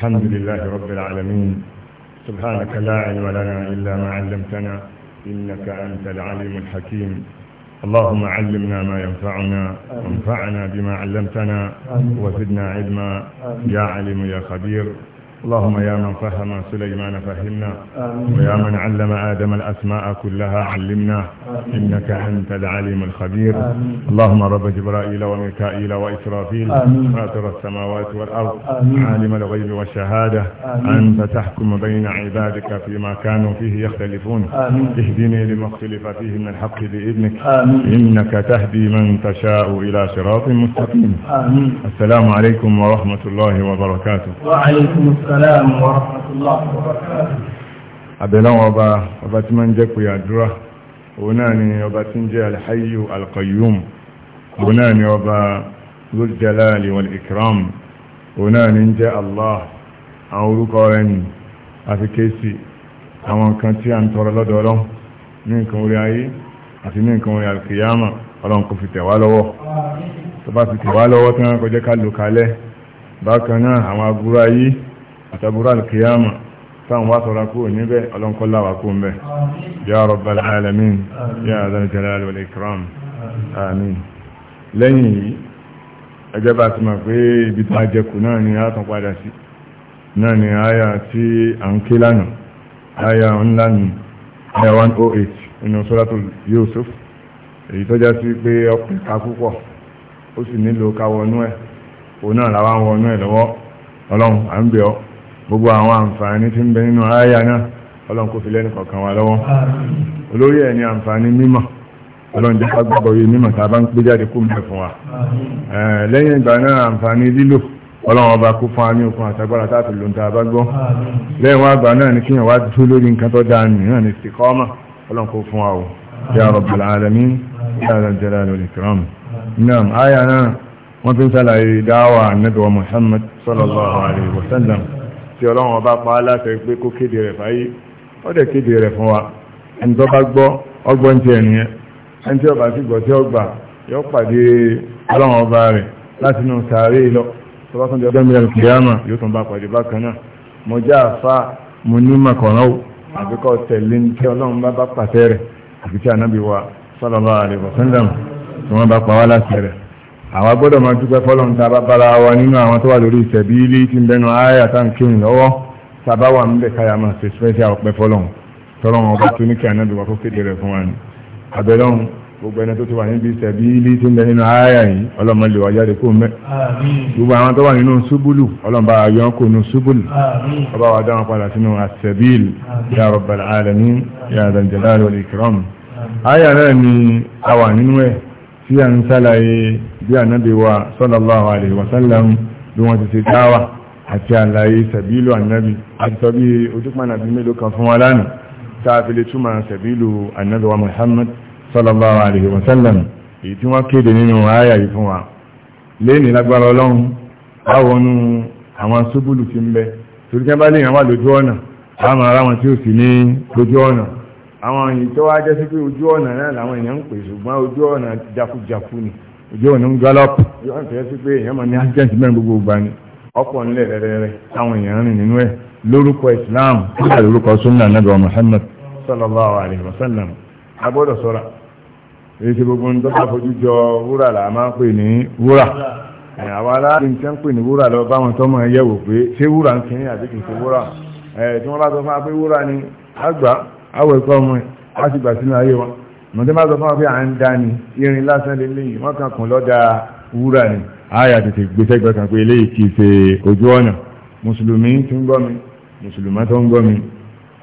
الحمد لله رب العالمين سبحانك لا علم لنا إلا ما علمتنا إنك أنت العليم الحكيم اللهم علمنا ما ينفعنا وانفعنا بما علمتنا وزدنا علما يا عليم يا خبير اللهم يا من فهم سليمان فهمنا ويا من علم آدم الأسماء كلها علمنا إنك أنت العليم الخبير اللهم رب جبرائيل وميكائيل وإسرافيل فاتر السماوات والأرض عالم الغيب والشهادة أنت تحكم بين عبادك فيما كانوا فيه يختلفون اهدني لما اختلف فيه من الحق بإذنك إنك تهدي من تشاء إلى صراط مستقيم السلام عليكم ورحمة الله وبركاته وعليكم السلام السلام ورحمة الله وبركاته أبلغ أبا أبا تمن جك يا درة وناني أبا تنجي الحي القيوم وناني أبا ذو الجلال والإكرام وناني جاء الله أولوك أولاني àfi kéèsì àwọn nǹkan tí a ń tọrọ lọ́dọ̀ ọlọ́run ní nǹkan orí ayé àti ní nǹkan orí alkiyama ọlọ́run kò fi tẹ̀wá tí wọ́n kọjẹ́ ká lò àtàbúrò alkiyama táwọn wá sọ́ra kúrò níbẹ̀ ọlọ́nkọ́láwà kú mẹ́ ya rabbal alamin ya zal jalal wal ikram amin lẹ́yìn yìí ẹgbẹ́ bá ti mọ̀ pé ibi tó àjẹkù náà ni a tàn padà sí náà ni àyà tí a ń ké lánà àyà ńlá ni 108 inú suratul Yusuf èyí tó sí pé ọpẹ́ ká púpọ̀ ó sì nílò ká wọnú ẹ̀ òun náà làwọn wọnú ẹ̀ lọ́wọ́ ọlọ́run à ń bẹ̀ ọ́ gbogbo àwọn àǹfààní tí ń bẹ nínú àyà náà ọlọ́run kó fi lẹ́nu kọ̀ọ̀kan wa lọ́wọ́ olórí ẹ̀ ní àǹfààní mímọ̀ ọlọ́run jẹ́ ká gbọ́gbọ́ yìí mímọ̀ tá a bá ń gbé jáde kó mẹ́ fún wa lẹ́yìn ìgbà náà àǹfààní lílò ọlọ́run ọba kó fún àmì okun àtagbára táàtì ló ń ta bá gbọ́ lẹ́yìn wá gbà náà ní kíyàn wá dúró lórí nǹkan tó dáa nì náà ní sìkọ́mà ọlọ́run kó fún wa o ya rabbal alamin ya dal jalali wal ikram naam aya náà wọ́n fi ń sàlàyé dáwà annabi wa muhammad sallallahu alaihi wa tí ọlọ́run ọba pa á láfẹ́ pé kó kéde rẹ̀ fáyé ó dẹ̀ kéde rẹ̀ fún wa ẹni tó bá gbọ́ ọgbọ́n ti ẹ̀nìyẹn ẹni tí ọba sì gbọ́ tí ó gbà yóò pàdé ọlọ́run ọba rẹ̀ láti inú sàárè lọ tó bá tún di ọjọ́ mìíràn kìyàmà yóò tún bá pàdé bákan náà mo já àfa mo ní màkànná o àbíkọ́ tẹ̀lé ní tí ọlọ́run bá bá pàtẹ́ rẹ̀ àbíkí ànábì wa sallallahu alaihi wasallam tí wọ́n bá pa wá láti rẹ̀ àwọn gbọ́dọ̀ máa dúpẹ́ fọ́lọ́run tá a bá bára wa nínú àwọn tó wà lórí ìtẹ̀bílì tí ń bẹnu ayé àtàǹkìrìn lọ́wọ́ tá a bá wà nílẹ̀ káyà máa ṣe special ọpẹ́ fọ́lọ́run tọ́lọ́run ọba tó ní kí ànábì wa kó kéde rẹ̀ fún wa ni abẹ́lọ́run gbogbo ẹni tó ti wà níbi ìtẹ̀bílì tí ń bẹ nínú ayé yìí ọlọ́mọ lè wá jáde kó mẹ́ gbogbo àwọn tó wà nínú ṣubúlù ọlọ́mọba ayọ́ kó nu ṣubúlù ọba wa dáhùn padà sínú àṣẹbíl ya rabbal alamin ya dal jalali wal ikram ayé náà ni a wà nínú ẹ̀ tí a ń sálàyé bí ànábì wa sallallahu alaihi wasallam bí wọ́n ti ṣe dáwà àti àlàyé sàbílù ànábì àti sọ bí ojúpànà bí mélòó kan fún wa lánàá tààfi lè túmọ̀ sàbílù ànábì wa Muhammad sallallahu alaihi wasallam èyí tí wọ́n kéde nínú àyà yìí fún wa léèní lágbára ọlọ́run báwọnú àwọn àwọn èyí tó wá jẹ́ sí pé ojú ọ̀nà náà làwọn èèyàn ń pè ṣùgbọ́n ojú ọ̀nà jakujaku ni ojú ọ̀nà ń gallop ojú ọ̀nà tó sí pé èèyàn mọ̀ ní agent mẹ́rin gbogbo ìgbà ni ọ̀pọ̀ nílẹ̀ rẹ̀rẹ̀rẹ̀ táwọn èèyàn rìn nínú ẹ̀ lórúkọ Islam lórúkọ sunna Muhammad a ma sọ́ra èyí gbogbo fojú jọ wúrà là máa ń pè ní wúrà àwọn pè ní wúrà lọ báwọn ni àgbà awọ ẹ̀kọ́ ọmọ ẹ̀ wá sì gbà sínú ayé wọn mọ̀tẹ́ má sọ fún wa pé à ń dá ni irin lásán lélẹ́yìí wọ́n kàn kùn lọ́dà wúrà ni àyà tètè gbèsè gbẹ̀kan pé eléyìí kì í ṣe ojú ọ̀nà mùsùlùmí tó ń gbọ́ mi mùsùlùmá tó ń gbọ́ mi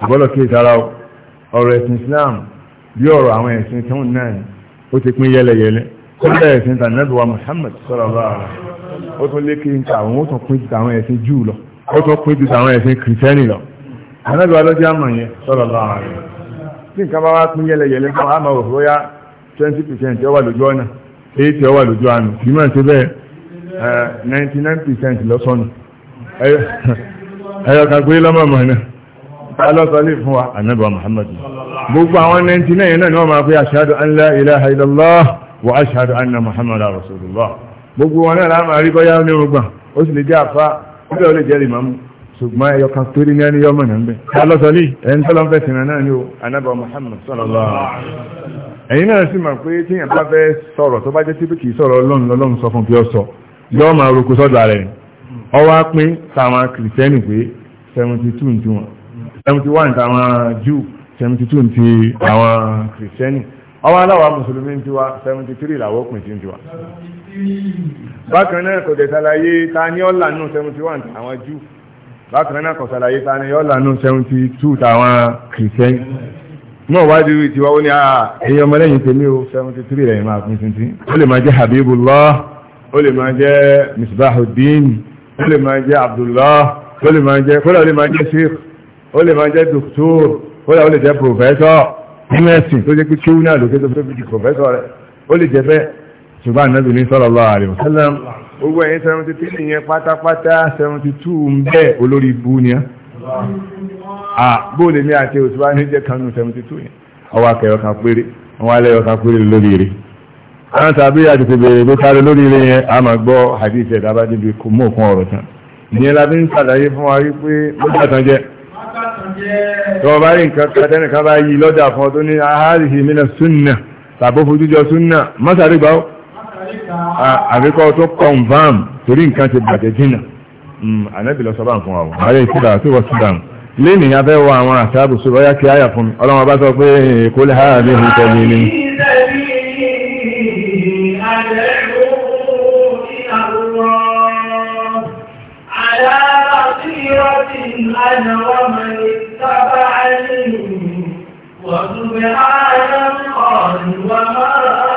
àbọ́lọ̀ kí ìtara ọ̀rọ̀ ẹ̀sìn Islam bí ọ̀rọ̀ àwọn ẹ̀sìn tó ń náà ó ti pín yẹlẹyẹlẹ ó bẹ̀rẹ̀ ẹ̀sìn tànàbíwá Muhammad sallallahu alaihi wasallam ó tún lékè ń ta àwọn ó tún pín ju àwọn ẹ̀sìn Júù lọ ó tún pín ju àwọn ẹ̀sìn kìrìsẹ́nì lọ ànábì wa lọ́jọ́ àmọ̀ yẹn sọ̀rọ̀ lọ́wọ́ rẹ̀ tí nǹkan bá wá pín yẹlẹyẹlẹ fún àmọ̀ òfin ó yá twenty percent ó wà lójú ọ̀nà eighty ó wà lójú àná kì í mọ̀ sí bẹ́ẹ̀ ninety nine percent lọ́sọ̀nù ẹ̀yọ̀ kàgbé lọ́mọ̀ mọ̀ náà alọ́sọ̀lẹ̀ fún wa ànábì wa gbogbo àwọn ninety nine yẹn náà ni wọ́n máa fi ashhadu an ilaha illallah wa ashhadu anna Muhammad rasulullah gbogbo wọn náà láàmú àríkọ́yá onírúgbà ó sì lè jẹ́ àfa ó bẹ́ẹ̀ ó lè jẹ́ ìmáàmù ṣùgbọ́n ẹyọ kan tó rí ní ẹni yọmọ náà ń bẹ ká lọ́sọ ní ẹni tó lọ́n fẹ́ sinmi náà ni o anábà Muhammad sallallahu ẹ̀yin náà sì mọ̀ pé tí yẹn bá fẹ́ sọ̀rọ̀ tó bá jẹ́ tíbi kì í sọ̀rọ̀ ọlọ́run lọ́lọ́run sọ fún kí ọ sọ yọ máa roko sọ́dọ̀ ara ẹ̀ ọwọ́ á pín táwọn kìrìsìtẹ́nì pé seventy two ti wọn seventy one táwọn Júù seventy two ti àwọn kìrìsìtẹ́nì ọwọ́ aláwọ̀ mùsùlùmí ti wa seventy three làwọ̀ pín ti wa bákan náà kò dẹ̀ ṣàlàyé ta ni ọ̀là nù seventy one àwọn Júù bákan náà kọ̀sàlàyé ta ni yọ́là nù 72 tàwọn kìrìsẹ́yìn mọ̀ wájú ti wáwó ní àà ah, èyí ọmọlẹ́yìn tèmi o 73 rẹ̀ máa pín sí tí ó lè máa jẹ́ Habibullah ó lè máa jẹ́ Misbahuddin ó lè máa jẹ́ Abdullah ó lè máa jẹ́ kódà ó lè máa jẹ́ Sheikh ó lè máa jẹ́ Doctor kódà ó lè jẹ́ Professor mẹ́sìn tó jẹ́ pé kíwú náà lókè tó fẹ́ bí professor rẹ̀ ó lè jẹ́ bẹ́ẹ̀ ṣùgbọ́n Ànábì ní sallallahu alaihi wasallam owó ẹ̀yìn seventy three yẹn pátápátá seventy two ń bẹ́ẹ̀ olórí ibu ni á bóòlù mi àti òṣùwà ní jẹ́ kanu seventy two yẹn ọwọ́ akẹ́yọ̀ kan péré wọn wá lẹ́yọ̀ kan péré lórí rẹ̀ àwọn tàbí àti tèbèrè tó sáré lórí rẹ̀ yẹn a máa gbọ́ hadith ẹ̀ dábàá níbi kò mú òkun ọ̀rọ̀ tán ìyẹn la fi ń sàlàyé fún wa wípé mọ́tà tán jẹ́ tọ́ bá rí nǹkan kẹtẹ́nìkan bá yí lọ́jà fún ọ tó ní ahárìhì mí àbíkọ́ tó confam torí nǹkan ti bàjẹ́ jìnà ànábì lọ sọ́bà fún àwọn ààrẹ ìsìdà tó wọ́n sídà lẹ́nìí abẹ́ wọ àwọn àṣàbù sí ọyá kí áyà fún ọlọ́wọ́ bá sọ pé kó lè háà ní ìhùn tẹ̀lé ní أنا ومن اتبعني وسبحان الله وما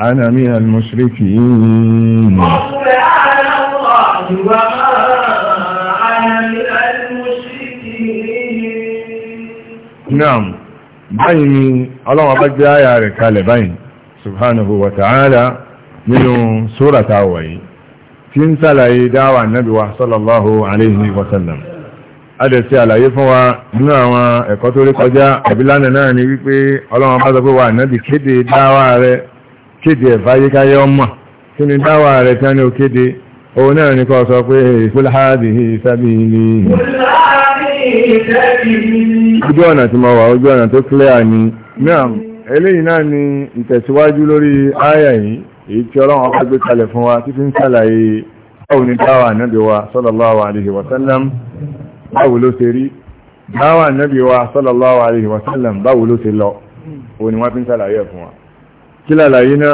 أنا من المشركين قل على الله وما أنا من المشركين نعم báyìí ọlọ́wọ́ bá jẹ́ àyà rẹ̀ kalẹ̀ báyìí subhanahu wa ta'ala nínú sórata wáyé tí ń sàlàyé dáwà nábíwá sallallahu alaihi wasallam adẹ̀sí àlàyé fún wa nínú àwọn ẹ̀kọ́ tó rí kọjá àbílánà náà ni wípé ọlọ́wọ́ bá sọ pé wà nábì kéde dáwà rẹ̀ kéde ẹ̀fà yíkáyé ọmọ kí ni dáwà rẹ̀ tán ní òkéde òun náà ní kọ́ sọ pé qul hādhihi sabīlī ojú ọ̀nà tí mo wà ojú ọ̀nà tó clear ni náà eléyìí náà ni ìtẹ̀síwájú lórí àyà yìí èyí tí ọlọ́run ọba gbé kalẹ̀ fún wa títí ń sàlàyé báwo ni dáwà nábì wa sallallahu alaihi wa sallam báwo ló ṣe rí dáwà nábì wa sallallahu alaihi wa sallam báwo ló ṣe lọ òun ni wọ́n fi ń sàlàyé fún wa kí lálàyé náà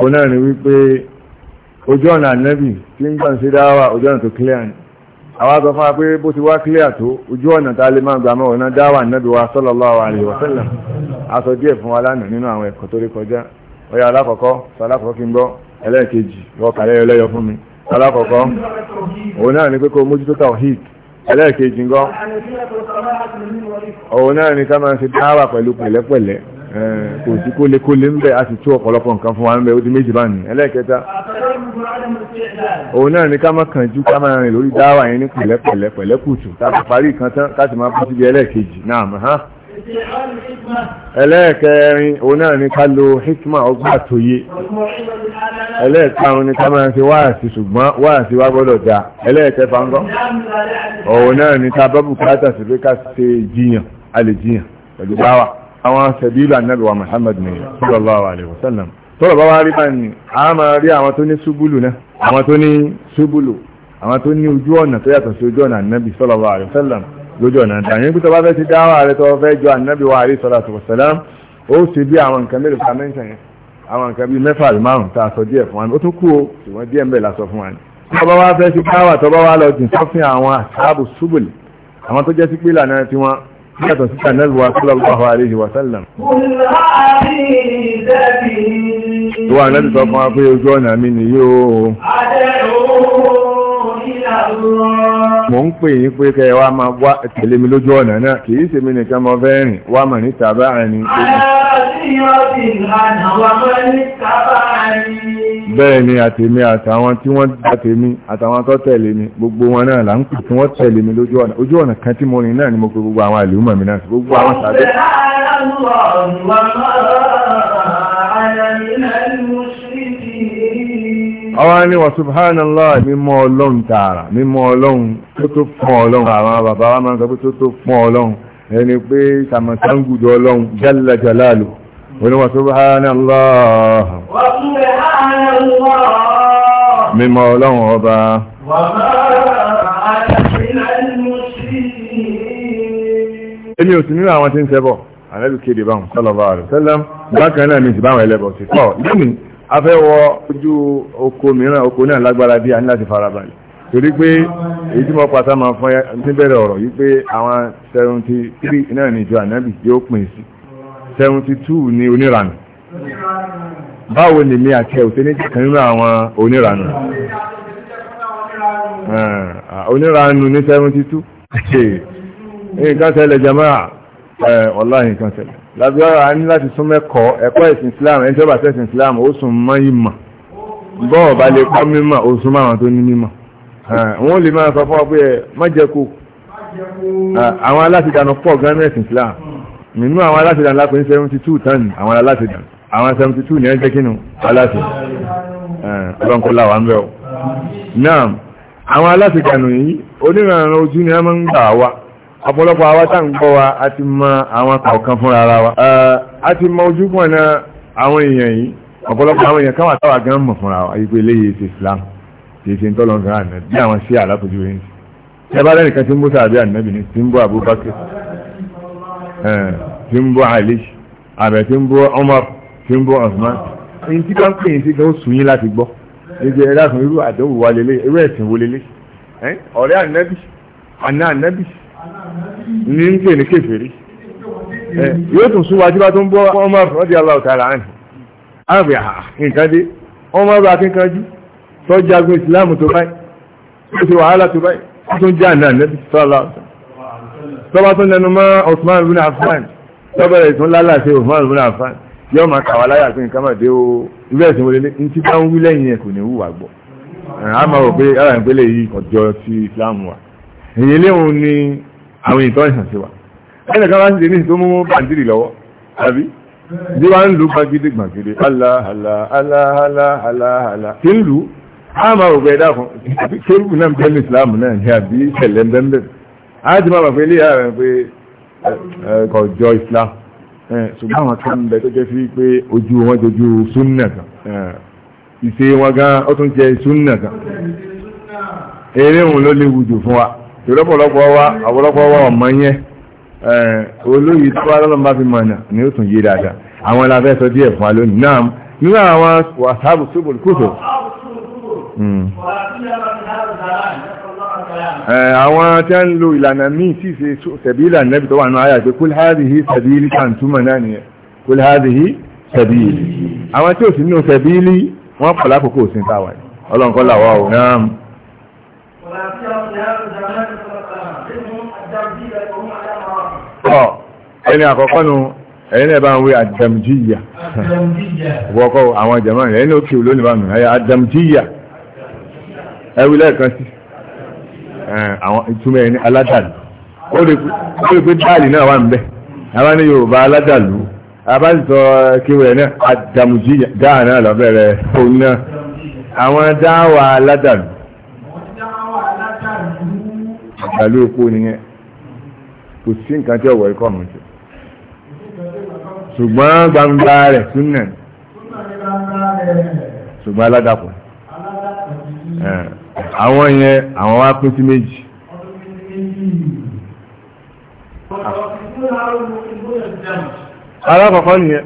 òun náà ni wípé ojú ọ̀nà ànábì tí ń gbọ́n sí dáwà ojú ọ̀nà tó clear ni àwọn àgbà wa pé bó ti wá clear tó ojú ọ̀nà tá a lè máa gbà mọ́ ọ̀nà dáwà ànábì wa sallallahu alaihi wa sallam aṣọ díẹ̀ fún wa lánàá nínú àwọn ẹ̀kọ́ tó rí kọjá ọyà alákọ̀ọ́kọ́ sọ alákọ̀ọ́kọ́ kí ẹlẹ́ẹ̀kejì ń gbọ́ òun náà ni ká máa ń ṣe dáwà pẹ̀lú pẹ̀lẹ́pẹ̀lẹ́ Eh, kò sí kólekóle ń a sì tú ọ̀pọ̀lọpọ̀ nǹkan fún wa ń bẹ ó di méjì báyìí ẹlẹ́ẹ̀kẹta òun náà ni ká má kánjú ká máa rìn lórí dáwà yẹn ní pẹ̀lẹ́pẹ̀lẹ́ pẹ̀lẹ́kùtù tá a parí kan tán ká sì máa bọ́ síbi ẹlẹ́ẹ̀kejì náà ẹlẹ́ẹ̀kẹrin òun náà ni ká lo hikma ọgbà tó yé ẹlẹ́ẹ̀karùn ni ká máa ṣe wáàsí ṣùgbọ́n wáàsí wá gbọ́dọ̀ dá ẹlẹ́ẹ̀kẹfà ń gọ́ òun náà ni ká bọ́bù káàtà sí pé ká ṣe jiyàn a lè jiyàn àwọn sẹ̀bílù ànẹ́lùwà Muhammad ní sallallahu alaihi wasallam tọ́rọ bá wá rí bá ní a máa rí àwọn tó ní ṣúbùlù náà àwọn tó ní ṣúbùlù àwọn tó ní ojú ọ̀nà tó yàtọ̀ sí ojú ọ̀nà ànẹ́bì sallallahu alaihi wasallam lójú ọ̀nà dàní pé tó bá fẹ́ ti dáwà rẹ tó fẹ́ jọ àwọn tó jẹ́ sí pé ìlànà tiwọn yàtọ̀ sí kanẹ́lùwà sallallahu alayhi wa sallam. Ìwà náà ti sọ fún wa pé ojú ọ̀nà mi ni yóò. Mo ń pè yín pé kẹ́ wá máa wá tẹ̀lé mi lójú ọ̀nà náà, kìí ṣe mi nìkan mọ fẹ́ rìn, wá bẹ́ẹ̀ ni àtèmi àtàwọn tí wọ́n dátèmi àtàwọn tó tẹ̀lé mi gbogbo wọn náà là ń pè tí wọ́n tẹ̀lé mi lójú ọ̀nà ojú ọ̀nà kan tí mo rìn náà ni mo pe gbogbo àwọn àlùmọ̀ mi náà gbogbo àwọn sàbẹ̀. ọwọ́ ni wọ́n subhanallah mímọ́ ọlọ́run tààrà mímọ́ ọlọ́run tó tó fún ọlọ́run àwọn bàbá wa máa ń sọ pé tó tó fún ọlọ́run ẹni pé sàmọ̀sángùdọ̀ ọlọ́run jálajàlá قل وسبحان الله وسبحان الله ọlọ́run ọba èmi ò sí nínú àwọn tí ń ṣẹbọ àlẹ́bí kéde báwọn sọ́lọ́bà rẹ̀ sẹ́lẹ̀m bákan náà ní ìsìbáwọn ẹlẹ́bọ̀ ti pọ̀ lónìí a fẹ́ wọ ojú oko mìíràn oko náà lágbára bí a láti farabalẹ̀ torí pé èyí tí mo pàtàkì máa fún ẹ ní bẹ̀rẹ̀ ọ̀rọ̀ yìí pé àwọn 73 náà ní ìjọ ànábì yóò pín sí seventy two ni oníranù báwo ni mi àti ẹ̀wọ̀n tẹ́lẹ̀ kan nínú àwọn oníranù oníranù ní seventy two nǹkan tẹ́lẹ̀ jamaa ọláhìn nǹkan tẹ́lẹ̀ lábíọ́ra a ní láti sún mẹ́kọ̀ọ́ ẹ̀kọ́ ẹ̀sìn Islam ẹni tí bá tẹ̀sìn Islam ó sùn mọ́ ìmọ̀ bọ́ọ̀ bá lè kọ́ mímọ̀ ó sún máwọn tó ní mímọ̀ wọ́n lè máa sọ fún ọ pé mọ́jẹ́kù àwọn aláti dànù pọ̀ gánà ẹ̀sìn Islam nínú àwọn alátìdá ńlá pé ní 72 tán àwọn alátìdá àwọn 72 ní ẹgbẹ́ kínú alátìdá ọlọ́nkọ́lá wà ń bẹ̀ ọ́ náà àwọn alátìdá nù yí onírànà ojú ni a máa ń gbà wá ọ̀pọ̀lọpọ̀ àwa tá ń gbọ́ wa a ti mọ àwọn kọ̀ọ̀kan fúnra ara wa a ti mọ ojú pọ̀ náà àwọn èèyàn yìí ọ̀pọ̀lọpọ̀ àwọn èèyàn káwà táwà gan mọ̀ fúnra wa ipò eléyìí ti Islam kì í ṣe ń tọ́lọ́ gan àná bí àwọn sí àlápòjú rẹ̀ ń ṣe ẹ bá lẹ́nìkan tí ń bó sáà bí ànábì Eh, tí ń bọ́ Ali àbẹ̀ tí ń bọ́ Umar tí ń bọ́ Osman èyí tí kan pè é sí kan ó sùn yín láti gbọ́ níbi ẹ̀rọ àtúnwò irú àdánwò wa lélẹ̀ irú ẹ̀sìn wo lélẹ̀ ọ̀rẹ́ ànábì àná ànábì ní ń pè ní kèfèrí yóò tún sún wa tí wàá tún bọ́ Umar radiyallahu ta'ala anhu àbẹ̀ ah, nǹkan dé Umar bá akínkanjú tọ́jú agbó ìsìláàmù tó báyìí ó ti wàhálà tó báyìí ó tún jẹ́ àná ànábì sallallahu tọ́ba tó nẹnu mọ́ Osman bin Affan tọ́bẹ̀rẹ̀ tó lálàṣẹ Osman bin afan. yọ́ ma kàwà láyà pé nǹkan máa dé o ilé ẹ̀sìn wọlé ní tí bá ń wí lẹ́yìn ẹ̀ kò ní wùwà gbọ́ a máa rò pé ara ìpele yìí ọjọ́ sí Islam wa èyí léwu ni àwọn ìtọ́ ìsàn sí wa ẹnì kan láti ní tó mú bàǹdìrì lọ́wọ́ àbí bí wàá ń lu gbàgede gbàgede aláhàlà aláhàlà aláhàlà kí ń lu a máa rò pé ẹ̀dá kan kérúkù náà bẹ́ẹ̀ ní Islam náà ní àbí ìṣẹ̀lẹ̀ bẹ́ẹ̀ bẹ́ẹ̀ a ti máa bà pé ilé ìyá rẹ̀ pé ẹ̀kọ́ jọ islam ṣùgbọ́n àwọn kan bẹ tó jẹ́ sí pé ojú wọn dojú súnnà kan ìṣe wọn gan ó tún jẹ́ súnnà kan eré òun ló léwu jù fún wa ìrọ́pọ̀lọpọ̀ wa àwọ̀lọpọ̀ wa ọ̀mọ yẹn olóyè tó wá lọ́nà bá fi mọ̀nà ni ó tún yé dáadáa àwọn alábẹ́ sọ díẹ̀ fún wa lónìí náà nínú àwọn wàsáàbù sóbòlù kúrò àwọn tí a ń lo ìlànà míì tí ṣe tẹ̀bí ìlànà nẹ́bì tó wà náà ayà pé kul hadhihi sabili kàntúmọ̀ náà nìyẹn kul hadhihi sabili àwọn tí ò sí nínú sabili wọ́n pọ̀ lákòókò sí táwà ọlọ́nkọ́ làwọ́ ò náà ẹni àkọ́kọ́ nu ẹ̀yìn náà bá ń wé àdàmjíyà wọ́kọ́ àwọn jẹ̀mọ́ ẹ̀yìn ló kí olónìbánu ẹ̀yà àdàmjíyà ẹwí lẹ́ẹ̀kan sí Eh, àwọn ìtumọ̀ ẹni aládàlú ó lè pé dáàlì náà wà ń bẹ àwọn ní yorùbá aládàlú abájútọ kíwẹ̀ náà àdàmùjí dáà náà lọ́bẹ̀rẹ̀ òun náà àwọn dáwà aládàlú àdàlú epo nìyẹn kò sí nǹkan tí ọ̀wọ̀ ikọ̀ mọ̀ jù ṣùgbọ́n gbangba rẹ̀ súnà ṣùgbọ́n aládàpọ̀ àwọn yẹn àwọn wá pín sí méjì alákọ̀ọ́kọ́ ni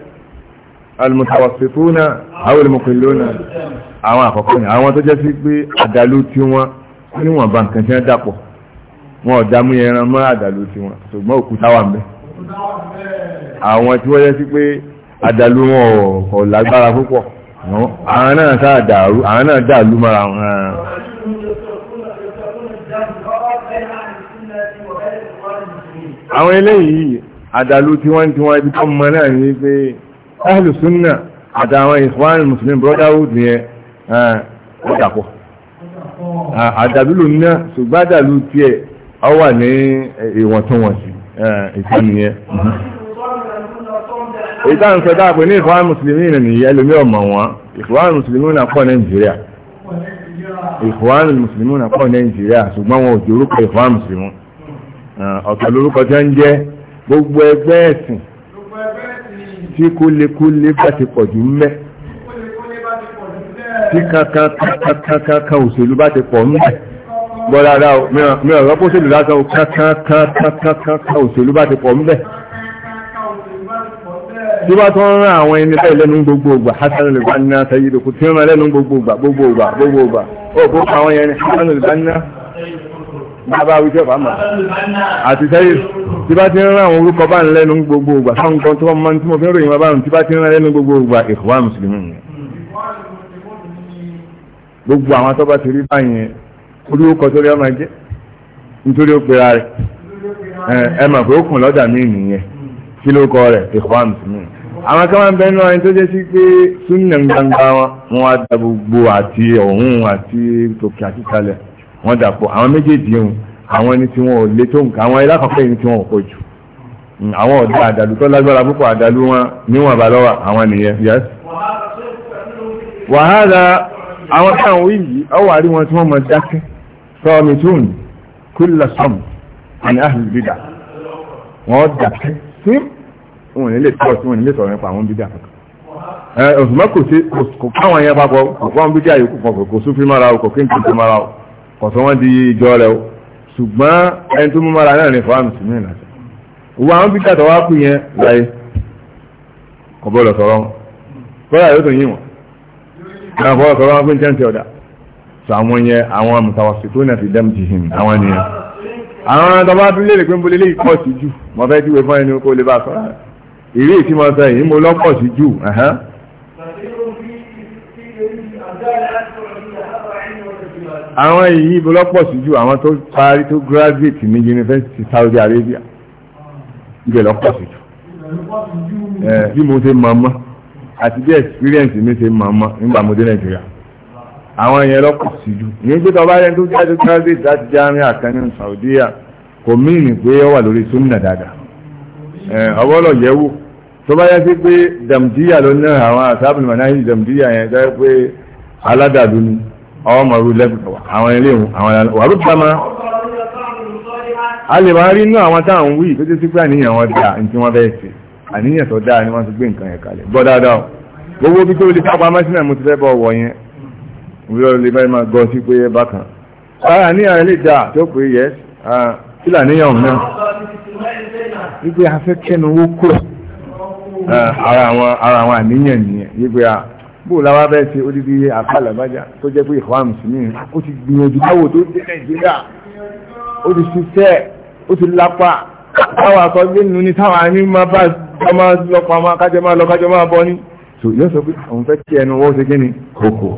alìmọ̀tàwàsífúnà àwọn olùmọ̀kìlónà àwọn àkọ́kọ́ ni àwọn tó jẹ́ sí pé àdàlú tí wọ́n níwọ̀n bá nǹkan tí wọ́n dàpọ̀ wọn ọ̀dá mú ẹran mọ́ àdàlú tí wọ́n ṣùgbọ́n òkúta wà mẹ́ àwọn tí wọ́n jẹ́ sí pé àdàlú wọn ò lágbára púpọ̀ àwọn náà sáà dàrú àwọn náà dàlú mara wọn àwọn eléyìí àdàlù tí wọ́n ti wọ́n ibi tó mọ́ náà ní pé ahlu sunna àtàwọn ikhwan muslim brotherhood yẹn ó dàpọ̀ àdàlù ló ná ṣùgbọ́n àdàlù tiẹ̀ ọ wà ní ìwọ̀ntúnwọ̀nsì ìtàn yẹn ìtàn sọ dáa pé ní ikhwan muslimin nà nìyẹn lómi ọmọ wọn ikhwan muslimin nà kọ́ nàìjíríà ikhwan muslimin nà kọ́ nàìjíríà ṣùgbọ́n wọn ò Eh, ọ̀tọ̀ lórúkọ tí wọ́n ń jẹ́ gbogbo ẹgbẹ́ ẹ̀sìn tí kólékólé bá ti pọ̀ jù mẹ́ tí kankankankankan òṣèlú bá ti pọ̀ mẹ́ gbọ́dára mìíràn rọ́pọ̀ òṣèlú lásán kankankankankan òṣèlú bá ti pọ̀ mẹ́ tí bá tán rán àwọn ẹni bẹ́ẹ̀ lẹ́nu gbogbo ìgbà Hasan al-Banna Sayyid Qutb tí wọ́n lẹ́nu gbogbo ìgbà gbogbo ìgbà gbogbo ìgbà ó kó àwọn ẹni Hasan al-Banna bàbá wíṣẹ́ ọ̀fà mà àti sẹ́yìn tí bá ti ń rán àwọn orúkọ bá ń lẹ́nu gbogbo ìgbà fáwọn kan tó máa ń tí mo fẹ́ ròyìn bàbá tí bá ti ń rán lẹ́nu gbogbo ìgbà ìfọwọ́ mùsùlùmí yẹn gbogbo àwọn tó bá ti rí báyẹn orúkọ tó rí ọmọ jẹ́ nítorí ó pera rẹ̀ ẹ mọ̀ pé ó kùn lọ́dà mí nìyẹn kí ló kọ rẹ̀ ìfọwọ́ mùsùlùmí àwọn kan máa ń bẹ nínú tó jẹ́ sí pé súnmọ̀ gbangba wọn wọn á da gbogbo àti ọ̀hún àti tòkè àti kalẹ̀ wọ́n dàpọ̀ àwọn méjèèjì ń àwọn ẹni tí wọ́n ò lé tó nǹkan àwọn ẹlá kọ̀ọ̀kan ẹni tí wọ́n ò pọ̀ jù hmm, àwọn ọ̀dà àdàlù tó lágbára púpọ̀ àdàlù wọn níwọ̀n bá àwọn nìyẹn yes. wàhálà àwọn táwọn wí yìí ọwọ́ àrí wọn tí wọ́n mọ dákẹ́ sọ́ọ̀mì tóun kúlà sọ́ọ̀mù àni áhùn bídà wọ́n dákẹ́ sí wọn nílé tọ́ sí wọn nílé sọ̀rọ̀ nípa àwọn bídà kankan ẹ̀ òṣùmọ́ kò sí kò káwọn yẹn bá kọ kò fáwọn bídà yòókù kan kò sófin mọ́ra o kò kí n kì í mọ́ra o kọ̀sọ́ wọn di ìjọ rẹ̀ o ṣùgbọ́n ẹni tó mú mọ́ra náà ní fáwọn mùsùlùmí ìlàjọ òwò àwọn bí kàtọ̀ wá pè yẹn láyé kò bọ́ọ̀lọ̀ sọ̀rọ̀ wọn kọ́lá yóò tún yí wọn náà bọ́ọ̀lọ̀ sọ̀rọ̀ wọn pé ń tẹ́ǹtì ọ̀dà sọ àwọn yẹn àwọn mùsàwọ̀sì tó nà fi dẹ́m jì hìn àwọn nìyẹn àwọn tọba tún lè rè pé ń sí jù mo fẹ́ júwe fún ẹni kó lè bá sọ̀rọ̀ ìrí ìtí mo mo lọ́ sí jù àwọn èyí bọ́lọ́pọ̀ sí ju àwọn tó parí tó graduate ní university Saudi Arabia ibẹ̀ lọ́pọ̀ sí jù bí mo ṣe mọ̀ mọ́ àti bí experience mi ṣe mọ̀ mọ́ nígbà mo dé Nàìjíríà àwọn èèyàn lọ́pọ̀ sí jù ní pé tọba ẹni tó jáde graduate láti jáàrin àkànní Saudi Arabia kò míìnì pé ó wà lórí sunna dáadáa ọwọ́lọ̀ yẹ̀wò tó bá yá sí pé dàmdíyà ló ní àwọn àsábìlì mànáyì dàmdíyà yẹn tó yẹ pé aládàlú ni ọwọ́ mọ̀rú lẹ́gbẹ̀ẹ́ àwọn ilé ìwọ̀n àwọn wàrú pàmà a lè máa rí inú àwọn táwọn wí tó tẹ́ sí pé àníyàn wọn dáa ní tí wọ́n fẹ́ ṣe àníyàn tó dáa ni wọ́n ti gbé nǹkan yẹn kalẹ̀ bọ́ dáadáa gbogbo bí tó lè kápá mẹ́sìnà mo ti fẹ́ bọ́ wọ̀ yẹn wíwọ́ lè fẹ́ máa gbọ́ sí pé bákan ara àníyàn rẹ̀ lè dáa tó pé yẹ kí làníyàn òun náà wípé afẹ́kẹ́nu owó kò ara àwọn àníyàn nìyẹn wípé bó láwá bẹ́ẹ̀ ṣe odidi àfàlàbájá tó jẹ́ pé ìhọ́ àmì sí ó ti gbìyànjú báwo tó dé nàìjíríà ó ti ṣiṣẹ́ ó ti lápá táwọn àkọgbé nù ní táwọn àní máa bá ọmọ lọ́pàá máa kájọ máa lọ kájọ máa bọ́ ní tò yóò sọ pé àwọn fẹ́ kí ẹnu wọ́n ṣe kí ni kòkò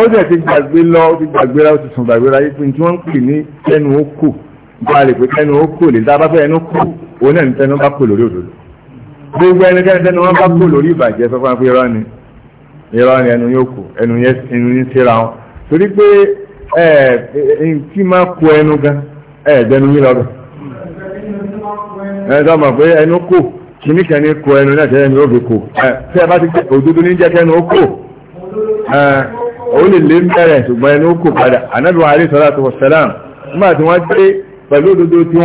ó dẹ̀ ti gbàgbé lọ ó ti gbàgbéra ó ti sùn gbàgbéra yìí pé tí wọ́n ń pè ní kẹ́nu ó kò bá lè pé kẹ́nu ó kò lè dá bá ẹnu kò òun náà ní tẹnu bá kò lórí òdòdó gbogbo ẹnikẹ́ni tẹ́ni wọ́n bá kó lórí ìbàjẹ́ sọ fún irọ́ ni irọ́ ni ẹnu yóò kù ẹnu yín síra wọn torí pé ẹ kí máa kó ẹnu gan ẹ dẹnu yín lọ́dọ̀ ẹ dọ́ pé ẹnu kò kíní kan kó ẹnu náà tẹ́lẹ̀ ó fi ẹ tí ẹ bá ti òdodo ní ó ẹ ó lè lé ṣùgbọ́n ẹnu ó padà tó nígbà tí wọ́n pẹ̀lú òdodo tí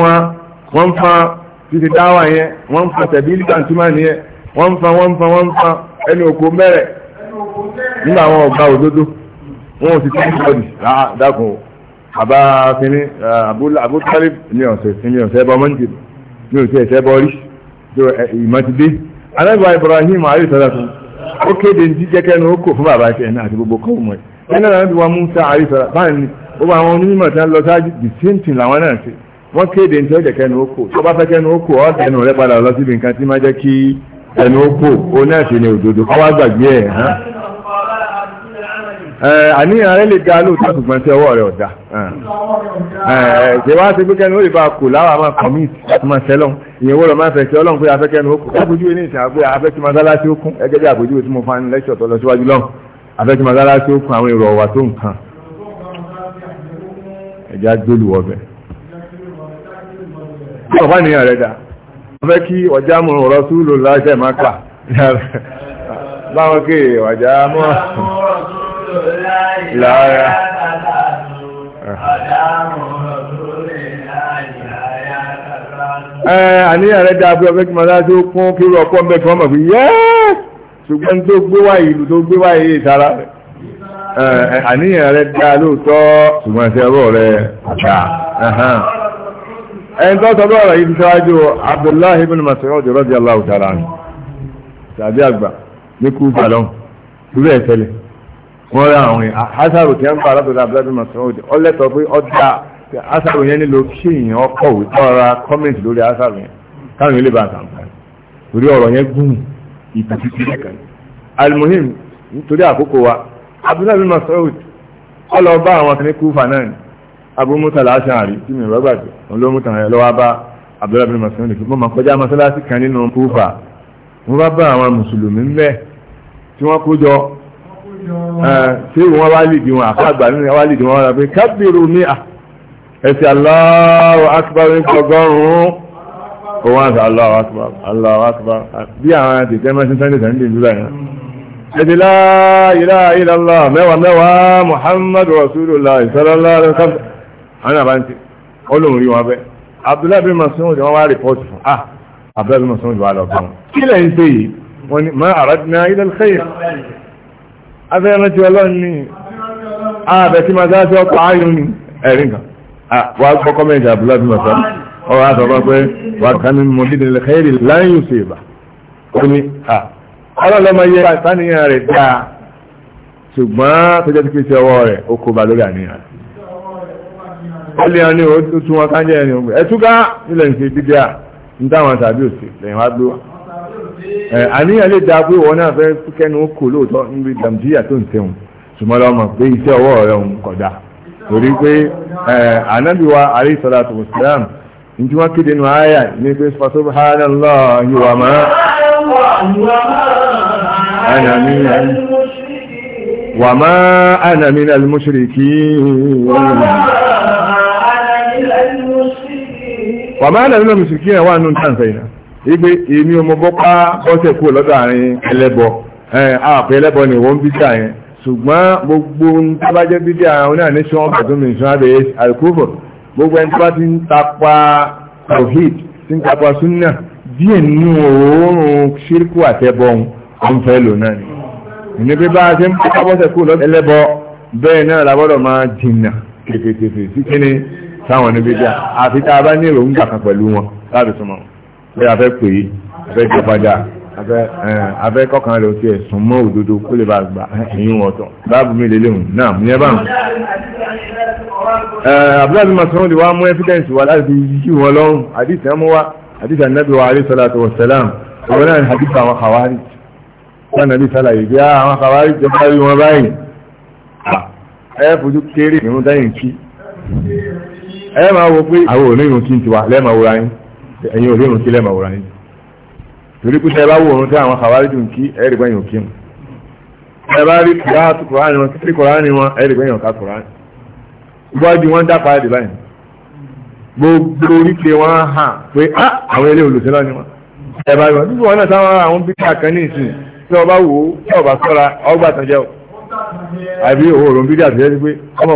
títí dáwà yẹn wọ́n ń fa tẹ̀bílì kàntúmà nìyẹn wọ́n ń fa wọ́n ń fa wọ́n ń fa ẹnu òkú mẹ́rẹ̀ nígbà àwọn ọ̀gá òdodo wọn ò sì tẹ́ ìbọ̀dì dákun àbá kínní abúkálí mi ọ̀sẹ̀ mi ọ̀sẹ̀ bọ́ mọ́ǹtì mi ò sí ẹ̀sẹ̀ bọ́ rí ìmọ̀ ti dé alágbà Ibrahim alayhi salatu ó kéde ní jíjẹ́kẹ́nu ó kò fún bàbá ẹ̀ṣẹ̀ náà àti gbogbo kọ́ọ̀mù mọ́ ẹ̀ ẹ̀ náà láti wá Musa alayhi salatu báyìí ó bá àwọn onímọ̀ tí wọ́n lọ sáájú the same thing làwọn náà ṣe wọ́n kéde ní ọjà kẹnu oko tó bá fẹ́ kẹnu oko ọ́ tẹnu rẹ padà lọ síbi nǹkan tí máa jẹ́ kí ẹnu oko ó náà ṣe ní òdodo kọ́ wá gbàgbé ẹ̀ hàn. àníyàn rẹ lè dá lóòótọ́ ṣùgbọ́n tí ọwọ́ rẹ ọ̀dà. ṣé wá ṣe pé kẹnu ó lè bá a kò láwa máa commit láti máa ṣẹlọ́n ìyẹn wọ́n lọ máa fẹ́ ṣe ọlọ́run pé afẹ́ kẹnu oko àpèjúwe ní ìsìn àgbẹ̀ afẹ́ tí masalasi ó kún ẹgẹ́ bí àpèjúwe tí mo fa ní lẹ́ṣọ̀ tó lọ síwájú lọ́hùn afẹ́ tí masalasi ó kún àwọn tí ọ̀bá nìyàn rẹ̀ dà wọ́n fẹ́ kí ọjà mú ọ̀rọ̀ súlù láṣẹ máa kà báwọn kí ọjà mú lára àníyàn rẹ̀ dà bí ọ̀fẹ́ kí máa dájú kún kí rọ pọ́ mẹ́ fún ọmọ fi yẹ́ ṣùgbọ́n tó gbé wá ìlú tó gbé wá iye ìtara àníyàn rẹ̀ dà lóòótọ́ ṣùgbọ́n ẹ̀ṣẹ́ ọ̀rọ̀ rẹ̀ àtà ẹni tó sọ́dọ̀ ọ̀rọ̀ yìí ṣáájú abdullahi ibn Mas'ud radiyallahu ta'ala anhu tàbí àgbà ní kúfà lọ́n túbẹ̀ ẹ̀fẹ́lẹ̀ wọ́n rá àwọn asáàrò tí wọ́n bá alábẹ̀rẹ̀ abdullahi ibn Mas'ud ọlẹ́tọ̀ pé yẹn nílò kí èèyàn ọkọ̀ lórí yẹn káwọn àtàǹfààní torí ọ̀rọ̀ yẹn nítorí àkókò wa abdullahi àwọn Abu Musa al-Ash'ari tí mi rọ́gbà tí wọ́n ló mútà ẹ̀ lọ́wọ́ bá Abdullahi bin Mas'ud kí wọ́n máa kọjá masalasi kan nínú Kúfà wọ́n bá bá àwọn mùsùlùmí ńlẹ̀ tí wọ́n kó jọ ṣé wọ́n wá lìdí wọn àkàgbà nínú wá lìdí wọn pé kábírù ní à ẹ̀sẹ̀ Allahu akbar ní ọgọ́rùn-ún òun àti Allahu akbar Allahu akbar bí àwọn àtẹ̀tẹ̀ mẹ́sìn sunday sunday ìlú báyìí àwọn àbá ń tẹ ọlọ́run rí wọn bẹ́ abdullahi bin masoud wọn wá rìpọ́tù fún ah abdullahi bin masoud wà lọ bá wọn kí lẹ́ ń tẹ́ yìí wọ́n ni máa ah, àrádìná ilẹ̀ alkhair abẹ́rẹ́ ti ọlọ́run ní ààbẹ̀ tí máa dáṣẹ́ ọkọ̀ ayún ní ẹ̀rin kan ah, wà gbọ́ kọ́mẹ́ntì abdullahi bin masoud ọwọ́ àtọ́gbọ́ pé wà kánú mọ̀lídẹ̀ alkhair láyún sí ìbà ó ní ah ọlọ́lọ́mọ yẹ ọlẹ́ ọ ní wọn ká ẹni ogun ẹ̀túká nílẹ̀ ń ṣe à ń táwọn tàbí òsè lẹ́yìn wá gbé wa. dáa pé wọn náà fẹ́ kẹ́nu kò lóòótọ́ níbi dàmjíyà tó ń tẹ̀wọ̀n ṣùgbọ́n lọ́mọ pé iṣẹ́ ọwọ́ rẹ̀ wà máa lẹ́nu lọ́mí sùkí ẹ̀ wà nù tàǹsẹ̀ yìí wípé èmi ọmọ bọ́pá bọ́sẹ̀ kúrò lọ́dọ̀ àárín ẹlẹ́bọ àpẹ ẹlẹ́bọ ni wọ́n bí jà yẹn ṣùgbọ́n gbogbo ń tábàjẹ́ bí jà àwọn náà ní sọ́n ọ̀pẹ̀ tó mi tapa tawhid ti ń tapa sunna díẹ̀ nínú òórùn ṣírkù àtẹ́bọ̀n ọ̀nfẹ́ lò náà ni ní pé bá a ṣe sáwọn níbi díà àfi tá a bá ní èròǹgbà kan pẹ̀lú wọn láti súnmọ́ pé a fẹ́ pè é a fẹ́ jẹ padà a fẹ́ kọ́kàn rẹ̀ ti ẹ̀sùn mọ́ òdodo kó lè bá gbà ẹ̀yìn wọn tán báàbù mi lè léhùn náà mi yẹn báwọn. abúlé àbí màsán lè wá mú ẹ́fídẹ́ǹsì wa láti fi yí wọn lọ́rùn àdìsẹ́ mú wa àdìsẹ́ anábì wa alayhi salatu wa salam àwọn náà ní àdìsẹ́ àwọn kàwárì wọn nàbí sálàyé bí àwọn kàwárì jẹ́ báyìí wọn báyìí ẹ fojú kéré ìrún dáyìn ẹ máa wo pé àwọn onírun kí n ti wà lẹ́ẹ̀ma wura yín ẹ̀yin onírun kí lẹ́ẹ̀ma wura yín torí pé sẹ́ẹ̀ bá wo orun tí àwọn àwárí dùn kí ẹ̀ rí gbẹ̀yìn òkè mu ẹ bá rí kùránì kùránì wọn kíkí kùránì wọn ẹ̀ rí gbẹ̀yìn ọ̀ka kùránì bọ́ọ̀dì wọn dápa ẹ̀ dìbà yìí gbogbo oríkè wọn hàn pé àwọn ilé olùsílẹ̀ ni wọn ẹ bá rí wọn náà táwọn àwọn bí kàkan ní ìsìn tí ọba wò ó tí ọba sọ́ra ọgbà tán jẹ́ o àbí òórùn bí dàbí ẹ ti pé ọmọ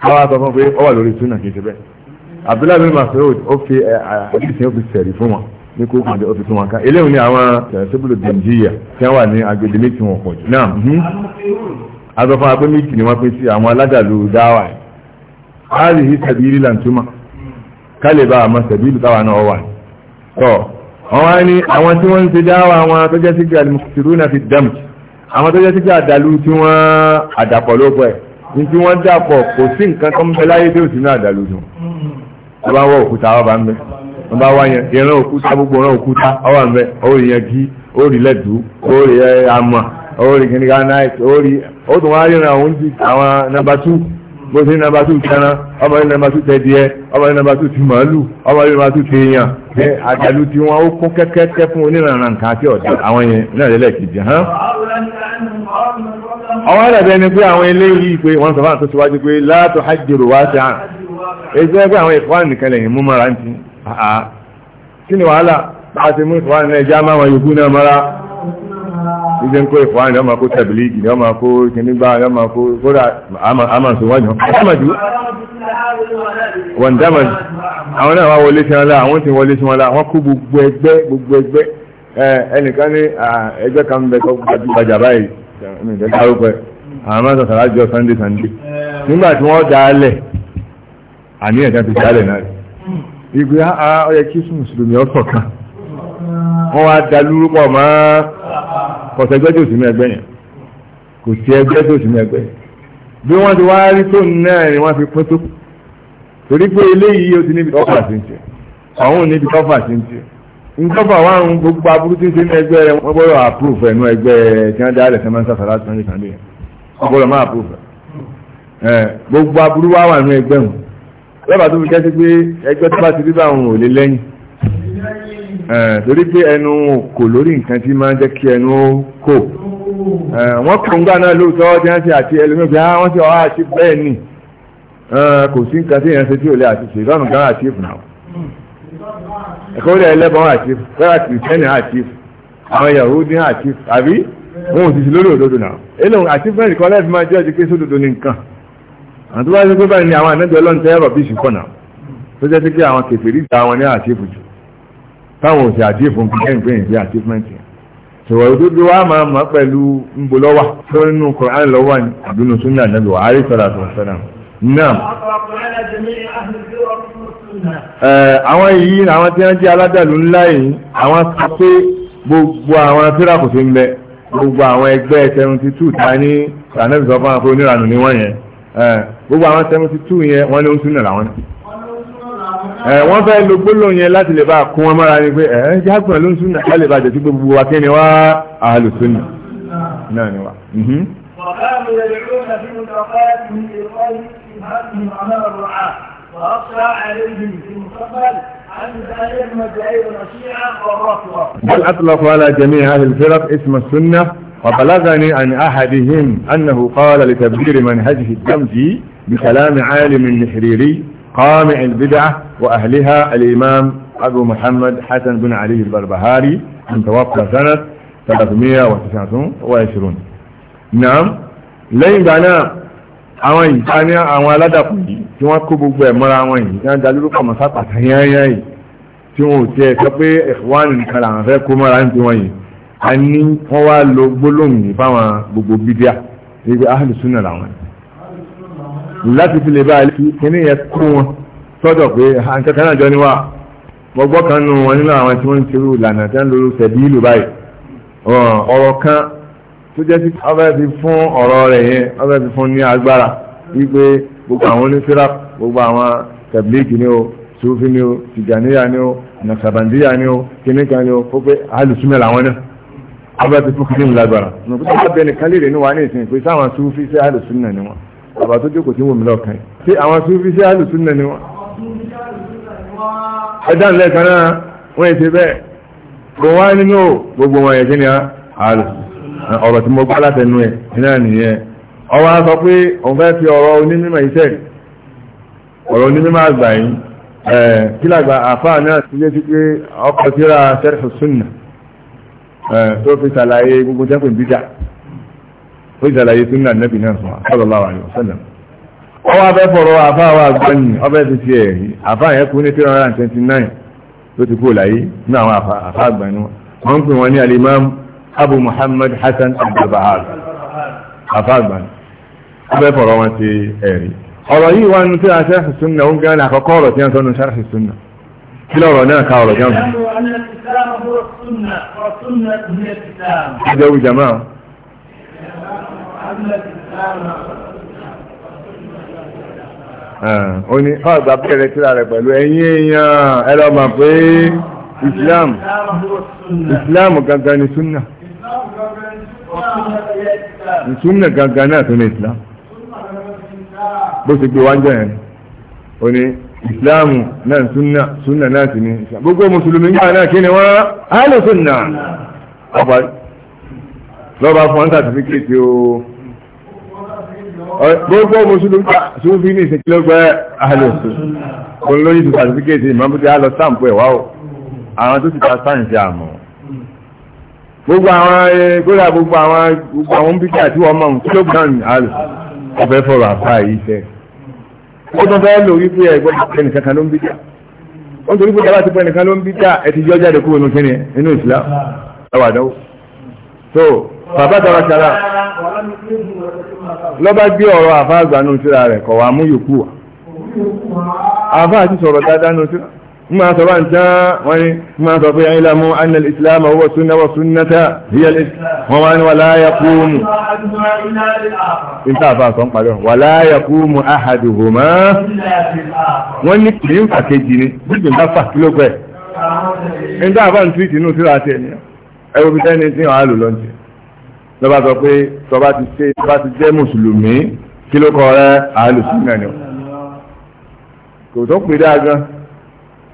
àwọn àtọ̀ fún pé ó wà lórí súnà kì í ṣe bẹ́ẹ̀ Abdullahi bin Masoud ó fi eh, eh, àdìsí ó fi sẹ̀rí fún wọn ní kó kàn ó fi fún wọn ká eléyìí ni àwọn eh, sẹ́bùlù dèjìyà tí wọ́n wà ní agbèdè méjì wọn pọ̀ jù náà àtọ̀ mhm. fún agbé méjì ni wọ́n pín sí àwọn aládàlú dáwà yìí áàlì yìí sẹ̀bí rí làǹtúmọ̀ kálẹ̀ bá àmọ́ sẹ̀bí ìlú táwa náà wà tọ́ àwọn á ní àwọn tí wọ́n ń ṣe dáwà àwọn tó gbé àdàlú tí wọ́n àdàpọ̀ lóko ẹ̀ ní tí wọ́n dàpọ̀ kò sí nǹkan tó ń bẹ láyé tí ò sí náà dàlú dùn wọ́n bá wọ òkúta wọ́n bá ń bẹ wọ́n bá wá yẹn ìran òkúta gbogbo ìran òkúta ọwọ́ ń bẹ ó rí yẹn kí ó rí lẹ́dù ó rí amọ̀ ó rí kìnìkan náà ó rí ó tún wá ríran àwọn oúnjẹ àwọn nàbà tù bó ṣe nàbà tù tẹ́ná ọmọ rí nàbà tù tẹ́ díẹ̀ ọmọ rí tù ti màálù ọmọ rí nàbà tù ti èèyàn àdàlù tí wọn ó kún kẹ́kẹ́kẹ́ fún oníranran nǹkan àti ọ̀dà àwọn yẹn náà lẹ́lẹ́kejì hàn ọwọ́ ẹ̀rẹ̀ bẹ́ẹ̀ ni pé àwọn eléyìí pé wọ́n sọ fáwọn tó síwájú pé látọ̀ hajjòrò wá sí àn ẹgbẹ́ pé àwọn ìfọ́n nìkan lẹ́yìn mú mara ti àá kí ni wàhálà bá ti mú ìfọ́n náà já máa wọn yòókù náà mara ìjẹ́ ń kó ìfọ́n náà máa kó tẹ̀bìlìgì náà máa kó kìnnígbà náà máa kó kódà àmàṣọ wájú wọ́n dámàjì àwọn náà wá wọlé sí wọn lá àwọn tí wọlé sí wọn lá wọ́n kó gbogbo ẹgbẹ́ gbogbo ẹgbẹ́ ẹnìkan ní ẹgbẹ́ kan bẹ̀ tó gbajúgbajà báyìí ìmìtẹ́ dárúkọ ẹ̀ àwọn máa ń sunday sunday nígbà tí wọ́n dá àní ẹ̀ka fi dá náà rẹ̀ ìgbé ó yẹ kí mùsùlùmí ọ̀sọ̀ kan wọ́n wá da yẹn kò sí ẹgbẹ́ yẹn bí wọ́n ti ni wọ́n fi pín tó ńgọ́fà wà ń gbogbo aburú tí ń ṣe ní ẹgbẹ́ rẹ̀ wọ́n gbọ́dọ̀ àpúrúfù ẹ̀nu ẹgbẹ́ tí wọ́n dálẹ̀ sẹ́mọ́ ń sàfàlà tó ń yíkan lé wọ́n gbọ́dọ̀ máa àpúrúfù ẹ̀ gbogbo aburú wà wà nínú ẹgbẹ́ wọn lọ́bàá tó fi jẹ́ sí pé ẹgbẹ́ tó bá ti rí bá wọn ò lè lẹ́yìn torí pé ẹnu kò lórí nǹkan tí máa ń jẹ́ kí ẹnu kò wọ́n kò ń gbà náà lóòótọ́ tí wọ́n ti àti ẹlòmíràn ah, wọ́n ti ọ̀há ah, àti bẹ́ẹ̀ ni kò sí nǹkan tí èèyàn ṣe tí ò lè àti ṣe ìdánù kan àti ìfúnà ẹ̀kọ́ ilẹ̀ ẹlẹ́bọn àti kọ́ra kìrìtẹ́nì àti àwọn Yahudi àti àbí wọn ò sì sí lórí òdodo náà eléhùn àti fẹ́ẹ̀rì kan lẹ́ẹ̀fì máa jẹ́ ọjọ́ pé sódodo ní nǹkan àwọn tó bá ṣe pé báyìí ni àwọn ànájọ ọlọ́run tẹ́ ẹ̀rọ bíṣù kọ̀nà tó jẹ́ pé àwọn kèfèrí ìta wọn ní àtìfù jù táwọn òsì àtìfù ń pẹ́ ìpín ìpín àtìfúmẹ́ntì sọ̀rọ̀ òdodo wa máa mọ̀ pẹ̀lú ńbolọ́wà tó nínú Kùránì lọ́wà àdúnú súnà nàbì wà á rí sọ̀rọ̀ àtọ̀sọ̀rọ̀ náà àwọn yìí àwọn tí wọ́n jẹ́ aládàlú ńlá yìí àwọn sọ pé gbogbo àwọn tíráàkù ti ń bẹ gbogbo àwọn ẹgbẹ́ seventy two ta ní sànẹ́bí sọ fún wọn pé oníranù ni wọ́n yẹn gbogbo àwọn seventy two yẹn wọ́n ní oṣù náà làwọn ní wọ́n fẹ́ lo gbólóhùn yẹn láti lè bá kún wọn mọ́ra ni pé ẹ̀ jágbọ̀n ló ń súnà ká lè bá jẹ̀ tí gbogbo wa kí ni wá àhàlù súnà náà ni mhm. wa. wọ́n mi rẹ̀ lórí ọ̀nà bí mo lọ fẹ́ mi lè wáyé ìhàmì ọ̀nà ọ̀rọ̀ à. وأقصى عليهم في المستقبل عن بل أطلق على جميع هذه الفرق اسم السنة وبلغني عن أحدهم أنه قال لتبذير منهجه الدمجي بكلام عالم نحريري قامع البدعة وأهلها الإمام أبو محمد حسن بن علي البربهاري من توفى سنة 329 نعم لين بنا àwọn yìí ta ní àwọn aládàpọ̀ yìí tí wọ́n kó gbogbo ẹ̀ mọ́ra wọn yìí tí wọ́n da lórúkọ mọ̀sá pàtàkì yányá yìí tí wọ́n ò tiẹ̀ sọ pé ìwádìí nìkan làwọn fẹ́ kó mọ́ra ní tiwọn yìí a ní wọ́n wá lo gbólóhùn yìí fáwọn gbogbo bídíà níbi ahlu sunna làwọn láti fi lè bá ilé kíní yẹn kó wọn sọ́dọ̀ pé àǹkẹ́kẹ́ náà jọ níwá gbogbo kan nù wọn nínú àwọn tí wọ́n ń tó jẹ́ sí ọbẹ̀ fi fún ọ̀rọ̀ rẹ̀ yẹn ọbẹ̀ fi fún ní agbára wípé gbogbo àwọn onífẹ́ra gbogbo àwọn tẹ̀blíkì ni o sufi ni o tìjàníyà ni o nasabandiya ni o kìnìkan ni o ó pé alùsùnmẹ̀ làwọn náà ọbẹ̀ fi fún kìnìún lágbára nígbà tó bẹ̀rẹ̀ kálíìrì ni wà ní ìsìn pé sáwọn sufi sí alùsùnmẹ̀ ni wọn bàbá tó jókòó tí wọ́n mi lọ́ọ̀kan yìí sí àwọn sufi sí alùsùnmẹ̀ ni wọn. ẹ̀dá ńlẹ̀ kan náà wọ́n ti bẹ́ẹ̀ kò wá nínú gbogbo wọn yẹ ọ̀rọ̀ tí mo gbọ́ látẹnu ẹ̀ iná nìyẹn ọwọ́ á sọ pé òun fẹ́ fi ọ̀rọ̀ onímọ̀ iṣẹ́ ọ̀rọ̀ onímọ̀ àgbà yìí kí làgbà àfáà náà ti lé sí pé ọkọ̀ síra sẹ́rẹ̀fù súnà tó fi ṣàlàyé gbogbo jẹ́pẹ̀ bídà ó ṣàlàyé súnà nẹ́bì náà sọ sallallahu alaihi wasallam ọwọ́ abẹ́ fọ̀rọ̀ àfáà wà gbọ́nyì ọbẹ̀ ti ṣe ẹ̀rí àfáà yẹn kú ní 329 ló ti kú láyé ní àwọn àfáà gbọ́nyì wọn ń pè wọn ní alimam abu muhammad hassan abdulbahar afagban abẹ́fọ̀rọ̀ wọn ti ẹ̀rí ọ̀rọ̀ yìí wá nínú tí a ṣẹ́rẹ̀ súnnà ó ń gẹ́rẹ́ àkọ́kọ́ ọ̀rọ̀ tí a sọ́nà ṣẹ́rẹ̀ súnnà kí lọ́rọ̀ náà ká ọ̀rọ̀ jẹun ẹjọ́ ìjàmá ó ní ọ̀gbà bẹ̀rẹ̀ tíra rẹ̀ pẹ̀lú ẹ̀yin èèyàn ẹlọ́mà pé islam islam gangan ni súnnà ìtúnà gangan náà tún ní islam bó ti gbé wájú yẹn ó ní ìsìláàmù náà súnà súnà náà sì ní islam gbogbo mùsùlùmí yára náà kí ni wọ́n á lè súnà ọ̀pá lọ́ba fún ọ́n sàtífíkẹ́tì o gbogbo mùsùlùmí sùnfì ní ìsìnkílógbẹ́ àlòsù òun lóyún sàtífíkẹ́tì ìmọ̀ bí a lọ sáǹpù ẹ̀ wá o àwọn tó ti ta sáǹsì àmọ́ gbogbo àwọn eh, kódà gbogbo àwọn gbogbo àwọn bíkẹ́ àti wọn mọ̀ tí ó gbọ́n àlò ọ̀fẹ́ fọ̀rọ̀ àpá yìí fẹ́. ó tún fẹ́ lò wípé ẹ̀gbọ́n pẹ́ nìkan kan ló ń bíjà ó ń torí pé dábàá ti pẹ́ nìkan ló ń bíjà ẹ ti yọ jáde kúrò nínú inú ìsìlá ẹwà dánwò. tó bàbá tọrọ sara lọ́ba gbé ọ̀rọ̀ àfa àgbà nù síra rẹ̀ kọ̀ wá mú yòókù wá àfa àti sọ̀rọ̀ dáadáa nù síra. ما سواء انت ما سوف يعلم أن الإسلام هو السنة والسنة هي الإسلام ومن ولا يقوم انت أفاصم قالوا ولا يقوم أحدهما ونكلم فكجيني بجل دفع كيلو كوي انت أفاصم تويتي نو سراتيني ẹwọ́ bí tẹ́ni tí wọ́n á lò lọ́njẹ́ lọ́ba sọ pé tọba ti ṣe tọba ti jẹ́ mùsùlùmí kí ló kọ rẹ àálùsùn náà ni kò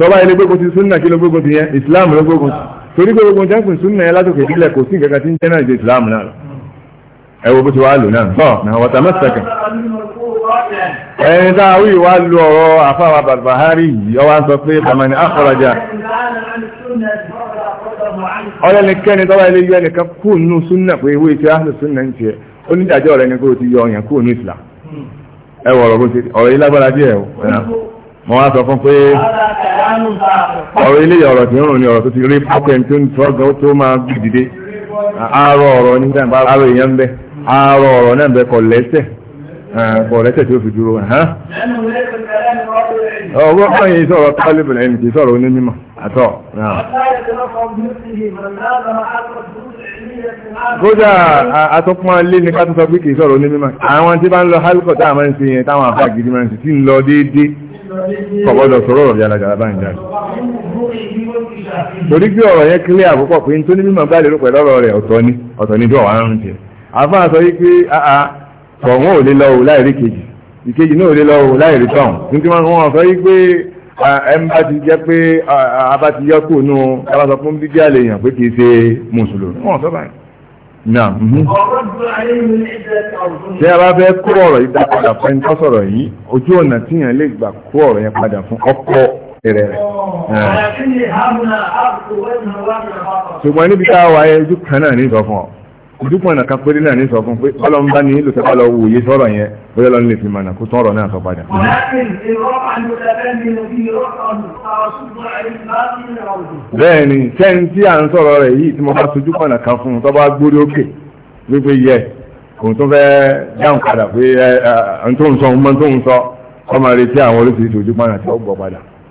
tọ́ba ilé gbogbo ti súnà kí ló gbogbo ti yẹn islam ló gbogbo ti torí gbogbo ti jápin súnà yẹn látòkè sílẹ̀ kò sí nǹkan kan tí ń jẹ́ náà ju islam náà lọ ẹ wo bó ti wá lò náà bọ́ náà wọ́tà mẹ́sàkẹ́ ẹni tá a wí wá lu ọ̀rọ̀ àfáwà bàbáhárì yìí ọwá sọ pé bàmánì àkọlọjà ọlẹ́nikẹ́ni tọ́ba ilé yọ ẹnìkan kú nù súnà pé ewé ti áhùn súnà ń tiẹ̀ onídàájọ́ rẹ̀ ni kó o ti yọ ọ̀yàn kú nù islam ẹ wọ̀ ọ̀rọ̀ mo wá sọ fún pé ọ̀rọ̀ ilé ọ̀rọ̀ tí ń rùn ní ọ̀rọ̀ tó ti rí pọ́kẹ́n tó tó máa dìde àárọ̀ ọ̀rọ̀ nígbà bá àárọ̀ èèyàn ń àárọ̀ ọ̀rọ̀ náà ń kọ̀ lẹ́sẹ̀ kọ̀ lẹ́sẹ̀ tí ó fi dúró hàn. ọwọ́ kan yìí sọ̀rọ̀ tálíbìlì ẹni kì í sọ̀rọ̀ onímọ̀ àtọ̀. kódà àtọ́pọ̀ alé ní ká pé kì í sọ̀rọ̀ onímọ̀ àwọn tí bá ń lọ hálùkọ̀ táwọn máa kọ̀bọ́dọ̀ sọ̀rọ̀ ọ̀rọ̀ yàrá gàrà bá ń jáde. torí pé ọ̀rọ̀ yẹn kílẹ̀ àkókò pé nítorí mímọ̀ bá lè rò pẹ̀lú ọ̀rọ̀ rẹ̀ ọ̀tọ̀ ni ọ̀tọ̀ ni bí ọ̀wá ń jẹ. àfáà sọ wípé àà tọ̀hún ò lè lọ wò láì rí kejì ìkejì náà ò lè lọ wò láì rí tọ̀hún. nítorí wọn sọ wípé ẹnba ti jẹ pé abá ti yẹ kó nù ẹ Mhm. tí a bá fẹ́ kó ọ̀rọ̀ yìí dápadà fún ẹni tó sọ̀rọ̀ yìí ojú ọ̀nà tí yàn lè gbà kó ọ̀rọ̀ yẹn padà fún ọkọ rẹ̀ rẹ̀ ṣùgbọ́n níbi tá a wáyé ojú kan náà ní ìsọ fún ọ ìdúpọ̀ ìnà kan péré náà ní sọ fún pé ọlọ́run bá ní ìlú tẹ́fà lọ wù yé sọ̀rọ̀ yẹn bóyá lọ́n lè fi mọ̀nà kó tán ọ̀rọ̀ náà sọ padà. bẹ́ẹ̀ni sẹ́ni tí à ń sọ̀rọ̀ rẹ̀ yìí tí mo bá sojú pọ̀nà kan fún un tó bá gbórí òkè wípé yẹ òun tó fẹ́ dáhùn padà pé ẹ̀ ẹ̀ ń tó ń sọ ọmọ tó ń sọ ọmọ rẹ̀ tí àwọn olóṣèlú ojú pọ̀nà tí ó gbọ́ padà.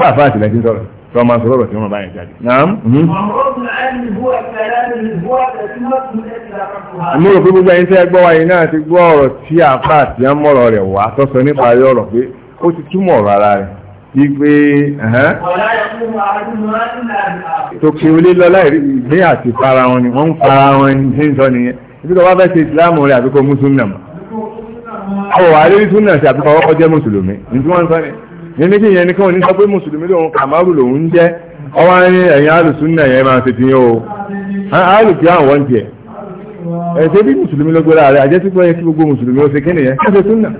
fáfá àtìlẹ́ ti sọ̀rọ̀ tí wọ́n máa sọ̀rọ̀ ọ̀rọ̀ tí wọ́n bá yẹn jáde. Mhm. mo rò pé gbogbo ẹ̀yin tẹ́ gbọ́ wa yìí náà ti gbọ́ ọ̀rọ̀ tí àpá àti àmọ̀rọ̀ rẹ̀ wá tó sọ nípa ayé ọ̀rọ̀ pé ó ti túmọ̀ ọ̀rọ̀ ara rẹ̀ wípé tòkè olé lọ láìrí ìgbé àti fara wọn ni wọ́n ń fara wọn ní ṣe ń sọ nìyẹn ibi tó bá fẹ́ ṣe ìsìláàmù rẹ̀ àbíkọ́ mùsùlùmí àwọn wàá lórí sí àbíkọ́ ọkọ̀ jẹ́ mùsùlùmí ní tí wọ́n ń sọ nìyẹn nínú kí ìyẹn ní káwọn nígbà pé mùsùlùmí lòun kàmárù lòun jẹ́ ọwọ́ ní ẹ̀yìn alùsùn náà yẹn máa ṣe ti yẹn o alùkí àwọn wọ́n tiẹ̀ ẹ̀ṣẹ́ bí mùsùlùmí ló gbéra rẹ̀ àjẹ́sí pé kí gbogbo mùsùlùmí ó ṣe kí nìyẹn kí ṣe tún náà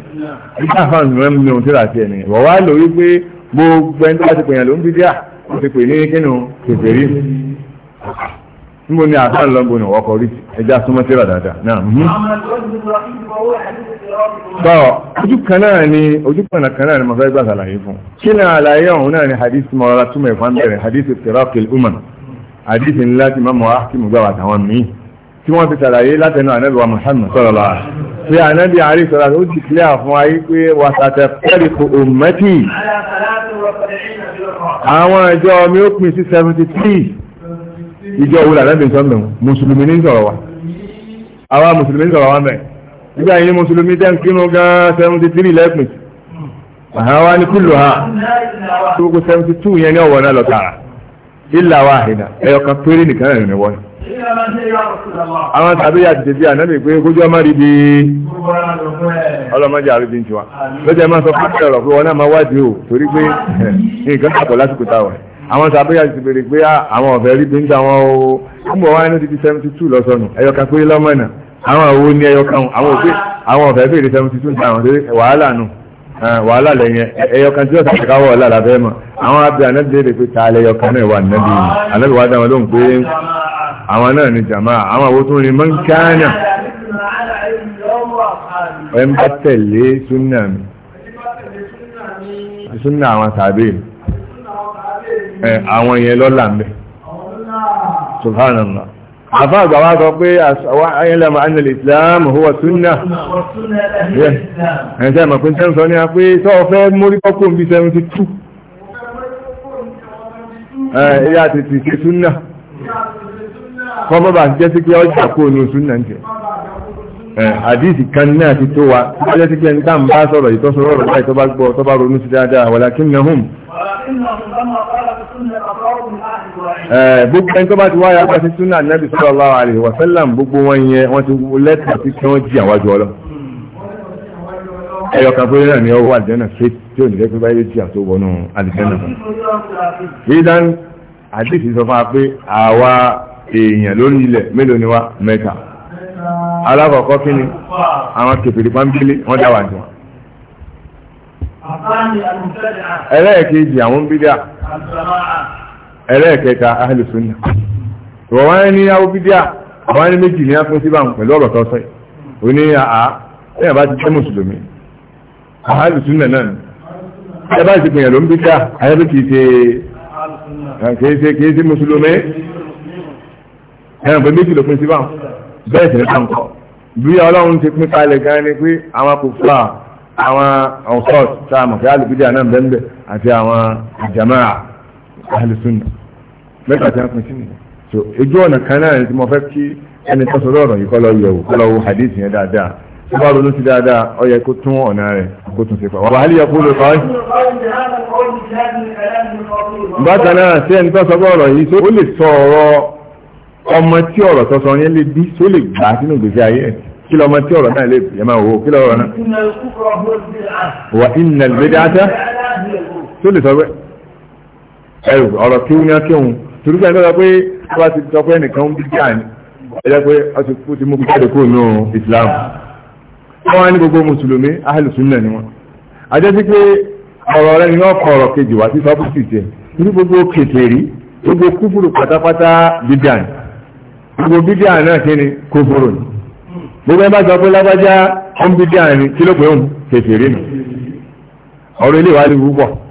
nígbà fáwọn mìíràn ní ohun tí ra tiẹ̀ nìyẹn wọ́n wá lò pé gbogbo ẹni tó bá ti pèyàn ló ń bí díà ó ti pè ní kí níbo ni àtàrí lọ́gbọ̀n ni wọ́kọ̀ rí ẹjá súnmọ́ sí ràdàdà náà sọ ojú kan náà ni ojú kan náà ni mo fẹ́ gbà sàlàyé fún kí ni àlàyé ọ̀hún náà ni hadith mọ́ra túmọ̀ ẹ̀fọn bẹ̀rẹ̀ hadith tirakil umar hadith ńlá ti mọ́mọ́ akímù gbà àtàwọn míì tí wọ́n ti sàlàyé látẹnu ànábì wa muhammad sọ̀rọ̀ lọ́wọ́ pé ànábì àárí sọ̀rọ̀ ó ti kílẹ̀ fún ayé pé wà sàtẹ̀ pẹ́rì kò ummati àwọn ìjọ mi ó pin sí 73 ìjọ òwúrọ̀ àlẹ́bìn sọ́nà mùsùlùmí ní sọ̀rọ̀ wa àwa mùsùlùmí ní sọ̀rọ̀ wa mẹ́ nígbà yìí mùsùlùmí tẹ́ kínú gan seventy three lẹ́pìn àwa ní kúlù ha gbogbo seventy two yẹn ní ọ̀wọ́ náà lọ tààrà ìlà wa àhìnà ẹyọ kan péré nìkan rẹ̀ ní wọ́n. àwọn tàbí àti tètè ànábì pé kójú ọmọ rí bí ọlọmọdé àrídìí tiwa lọ́jọ́ máa sọ fún ọ̀rọ̀ pé wọn náà máa wádìí o torí pé nǹkan kàpọ̀ lásìkò táwọn àwọn sàbẹ̀yà ti bèrè pé ah, àwọn ọ̀fẹ́ rí bí ń gbà wọn o ọmọ wa ní ti seventy two lọ́sọ̀nù ẹ̀yọ̀ká pé lọ́mọ̀nà àwọn àwo ní ẹ̀yọ̀ká wọn àwọn òfin àwọn ọ̀fẹ́ bèrè seventy two gbà wọn sí wàhálà nù wàhálà lẹ́yìn ẹ̀yọ̀kan tí ó sàkàwọ̀ ọ̀la làbẹ́ mọ̀ àwọn abẹ́ anábì lè pé ta lẹ́yọ̀kan náà wà nábì anábì wà dáwọn ló ń pé àwọn náà ní jàmá àwọn àwo tó ń rin mọ́ńkánà ẹ̀ àwọn tàbí Eh, àwọn yẹn lọ́là ń bẹ̀ subhanallah àfá àgbà wá sọ pé ayẹ́lẹ́mà annal islam huwa súnnà ẹ̀ tẹ́ mọ̀ pín tẹ́ ń sọ ní a pé tọ́ fẹ́ mórí kọ́kùn bí 72 ẹ̀yà àdíìsì kan náà ti tó wa tó jẹ́ sí pé ẹni tá ń bá sọ̀rọ̀ ìtọ́sọ̀rọ̀ láì tó bá gbọ́ tó bá ronú sí dáadáa wàlákinnahum Eh, gbogbo ẹni tó bá ti wáyà pàṣẹ súnà nẹ́bí sallallahu alaihi wa sallam gbogbo wọn yẹn wọ́n ti lẹ́tà sí kí wọ́n jí àwájú ọlọ́ ẹyọ kan fún náà ni ọwọ́ àdìjẹ́nà ṣe tí ò ní lẹ́pẹ́ báyé jí àtó wọnú àdìjẹ́nà ìdán àdìsí sọ fún wa pé àwa èèyàn lórí ilẹ̀ mélòó ni wa mẹ́ta alákọ̀ọ́kọ́ kí ni àwọn kẹfìrí pàmpílé wọ́n dá wà jù wọn ẹlẹ́ẹ̀kejì àwọn bídà ẹlẹ́ẹ̀kẹta ahìlùsùnà wọ́n wá ní yáwó bídíà àwọn ẹni méjì ní ápín sí báwọn pẹ̀lú ọ̀rọ̀ tọ́sọ̀ ò ní àá ẹ̀yà bá ti jẹ́ mùsùlùmí ahìlùsùnà náà ẹ bá ti pèyàn ló ń bídíà ayébí kìí ṣe kìí ṣe bí ọlọ́run ti pín kalẹ̀ gan ni pé àwọn kò àwọn ọ̀sọ́ọ̀tì tá fẹ́ àlùbídíà náà bẹ́ẹ̀ àti àwọn ìjàmáà àhàlùsùnà mẹ́ta tí a pín sí ni so ojú ọ̀nà kan náà ni mo fẹ́ kí ẹni tó sọ lọ́rọ̀ yìí kọ́ lọ yẹ̀wò kọ́ lọ wo hadith yẹn dáadáa tó bá ronú sí dáadáa ó yẹ kó tún ọ̀nà rẹ̀ kó tún ṣe pa wà á lè yẹ kó lè pa ọ́. bákan náà sí ẹni tó sọ lọ́rọ̀ yìí tó lè sọ ọ̀rọ̀ ọmọ tí ọ̀rọ̀ tó sọ yẹn lè bí tó lè gbà sínú ìgbésí ayé ẹ̀ kí lọ́mọ tí ọ̀rọ̀ náà lè yẹ máa wò kí lọ́rọ̀ náà. wà á ìnà ìgbéjáta ẹrù ọ̀rọ̀ kí wúnyá kí òun torí pé ẹgbẹ́ pé wọ́n ti sọ pé ẹnìkan ń bíbí àní ẹjẹ́ pé ó ti mú kíkẹ́ kó nù Islam wọ́n wá ní gbogbo mùsùlùmí ahàlùsùnà ni wọ́n ajẹ́ sí pé ọ̀rọ̀ rẹ ni wọ́n kọ ọ̀rọ̀ kejì wá sí sọ́pùsì tiẹ̀ torí gbogbo kètèrí gbogbo kúfùrù pátápátá bíbí àní gbogbo bíbí àní náà kí ni kúfùrù ni gbogbo ẹ bá sọ pé lágbájá ọ̀n bíbí àní kí ló pé òun kètèrí nù ọ̀rọ̀ ilé ìwádìí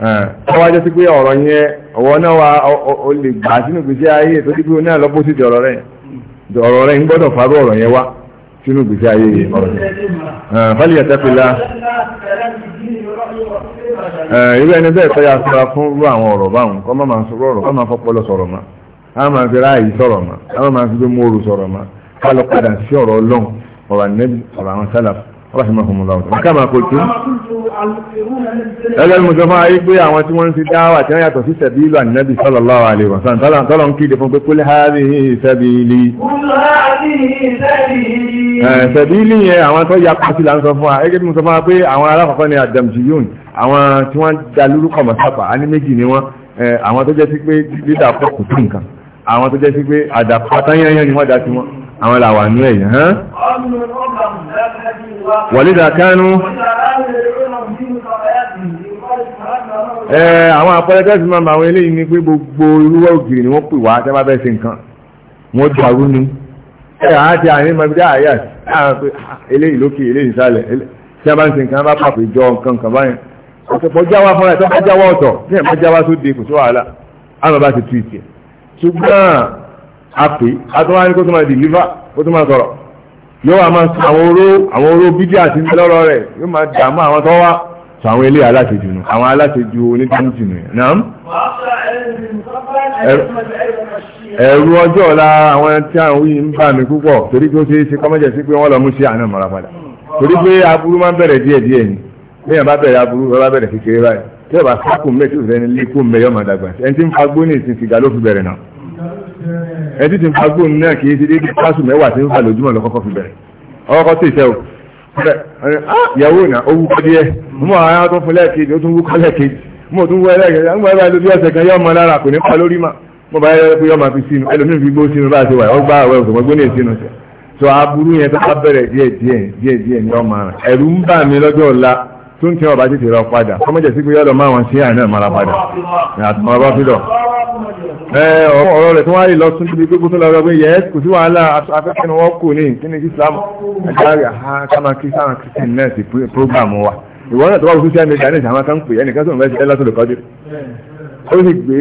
ọwọ́ ajọ́ sí pé ọ̀rọ̀ yẹn ọwọ́ náà wa o lè gbà sínú gbèsè ayé tó dípé o náà lọ́pọ̀ sí ọ̀rọ̀ rẹ̀ gbọ́dọ̀ farú ọ̀rọ̀ yẹn wá sínú gbèsè ayé ọ̀rọ̀ yẹn fálì ẹ̀tẹ́fìlá irú ẹni bẹ́ẹ̀ sọ́ra fún rú àwọn ọ̀rọ̀ báwọn kọ́ máa sọ̀rọ̀ ọ̀rọ̀ kọ́ máa sọ̀rọ̀ ma a máa fi ráàyè sọ̀rọ̀ ma a máa fi gbé sọ̀rọ̀ ma ká lọ rahimahum allah wa kama qultum ẹgbẹ́ mi sọ fún ayé pé àwọn tí wọ́n ń fi dáwà tí wọ́n yàtọ̀ sí sẹ̀bílù ànábì sallallahu alaihi wa sallam tọ́lọ̀ ń kéde fún pé kul hadhihi sabili sẹ̀bílì yẹn àwọn tó ya pàṣí là ń sọ fún wa ẹgbẹ́ mi sọ fún wa pé àwọn alákọ̀ọ́kọ́ ni àdàmjìyún àwọn tí wọ́n da lórúkọ mọ̀sápà á ní méjì ni wọ́n àwọn tó jẹ́ sí pé lídà pọ̀ kò tó nǹkan àwọn tó jẹ́ sí pé àdàpọ̀ tányányán ni wọ́n da sí wọn àwọn làwà nú ẹ̀yàn wọ̀lídà kánú àwọn àpẹẹrẹ sí máa àwọn eléyìí ni pé gbogbo irúwọ́ ògiri ni wọ́n pè wá tẹ́ bá bẹ́ẹ̀ sí nǹkan wọ́n dàrú ní ẹ̀ àti àní mabidá àyà eléyìí lókè eléyìí sálẹ̀ tí a bá ń sin nǹkan bá pàpè jọ nǹkan nǹkan báyẹn ọ̀pọ̀ jáwá fúnra ẹ̀ tó bá jáwá ọ̀tọ̀ tí ẹ̀ bá jáwá tó de kò sí wàhálà á lọ bá ti tu ìtì ṣùgbọ́n àpè á tó wá ní kó tó máa dìlífà kó tó máa sọ̀rọ̀ yóò wá máa sọ àwọn oró àwọn oró bídí àti lọ́rọ̀ rẹ̀ yóò máa dààmú àwọn tó wá sọ àwọn ilé aláṣejù nù àwọn aláṣejù onídàájì nù nàám. ẹ̀rù ọjọ́ ọ̀la àwọn tí àwọn yìí ń bà mí púpọ̀ torí pé ó ṣeé ṣe kọ́mọ́jẹ̀ sí pé wọ́n lọ mú sí àná mọ́ra padà torí pé aburú máa ń bẹ̀rẹ̀ díẹ̀ díẹ̀ ni léèyàn bá bẹ̀rẹ̀ aburú bá bẹ̀rẹ̀ kékeré báyìí tí ó bá sákùn mẹ́tò fẹ́ni líkùn mẹ́yọ́ màdàgbà ẹtí ti ń fagbó náà kì í ti dé pásù mẹ́wàá tí ń fà lójúmọ̀ lọ kọ́kọ́ fi bẹ̀rẹ̀ ọkọ̀ tó ìṣẹ́ o ah, ìyàwó náà ó wúkọ́ díẹ̀ mú àwọn tó fún lẹ́ẹ̀kejì ó tún wúkọ́ lẹ́ẹ̀kejì mú tún wú ẹlẹ́ẹ̀kejì àwọn ah, ìbára lójú ọ̀sẹ̀ kan yọ́mọ lára kò ní pa lórí mà mo bá yẹ pé yọ́mọ fi sínú ẹlòmíì fi gbó sínú bá a ṣe wà ó gbá àwẹ̀ òṣùwọ̀n gbóná ìsínú sẹ̀ so aburú yẹn tó bá bẹ̀rẹ̀ díẹ̀ díẹ̀ díẹ̀ díẹ̀ ní ọmọ rẹ̀ ẹ̀rù ń bà mí lọ́jọ́ ọ̀la tó ń tẹ́ ọba tètè lọ padà kọ́mọ́jẹ̀ sí pé yọ́dọ̀ máa wọn ṣe àná ìmọ̀ra ọ̀rọ̀ rẹ̀ tó wá rí lọ tún níbi gbogbo tó lọ́rọ̀ pé yẹ́ kò sí wàhálà afẹ́fẹ́ ni wọ́n kò ní ìpínlẹ̀ Islam ajáre àhá kama Christian Christian náà sí program wa ìwọ́n náà tó wà fún social media ní ìsàmà kan pè é nìkan tó ń bẹ́ sí ẹlọ́tò lòkọ́dé ó sì gbé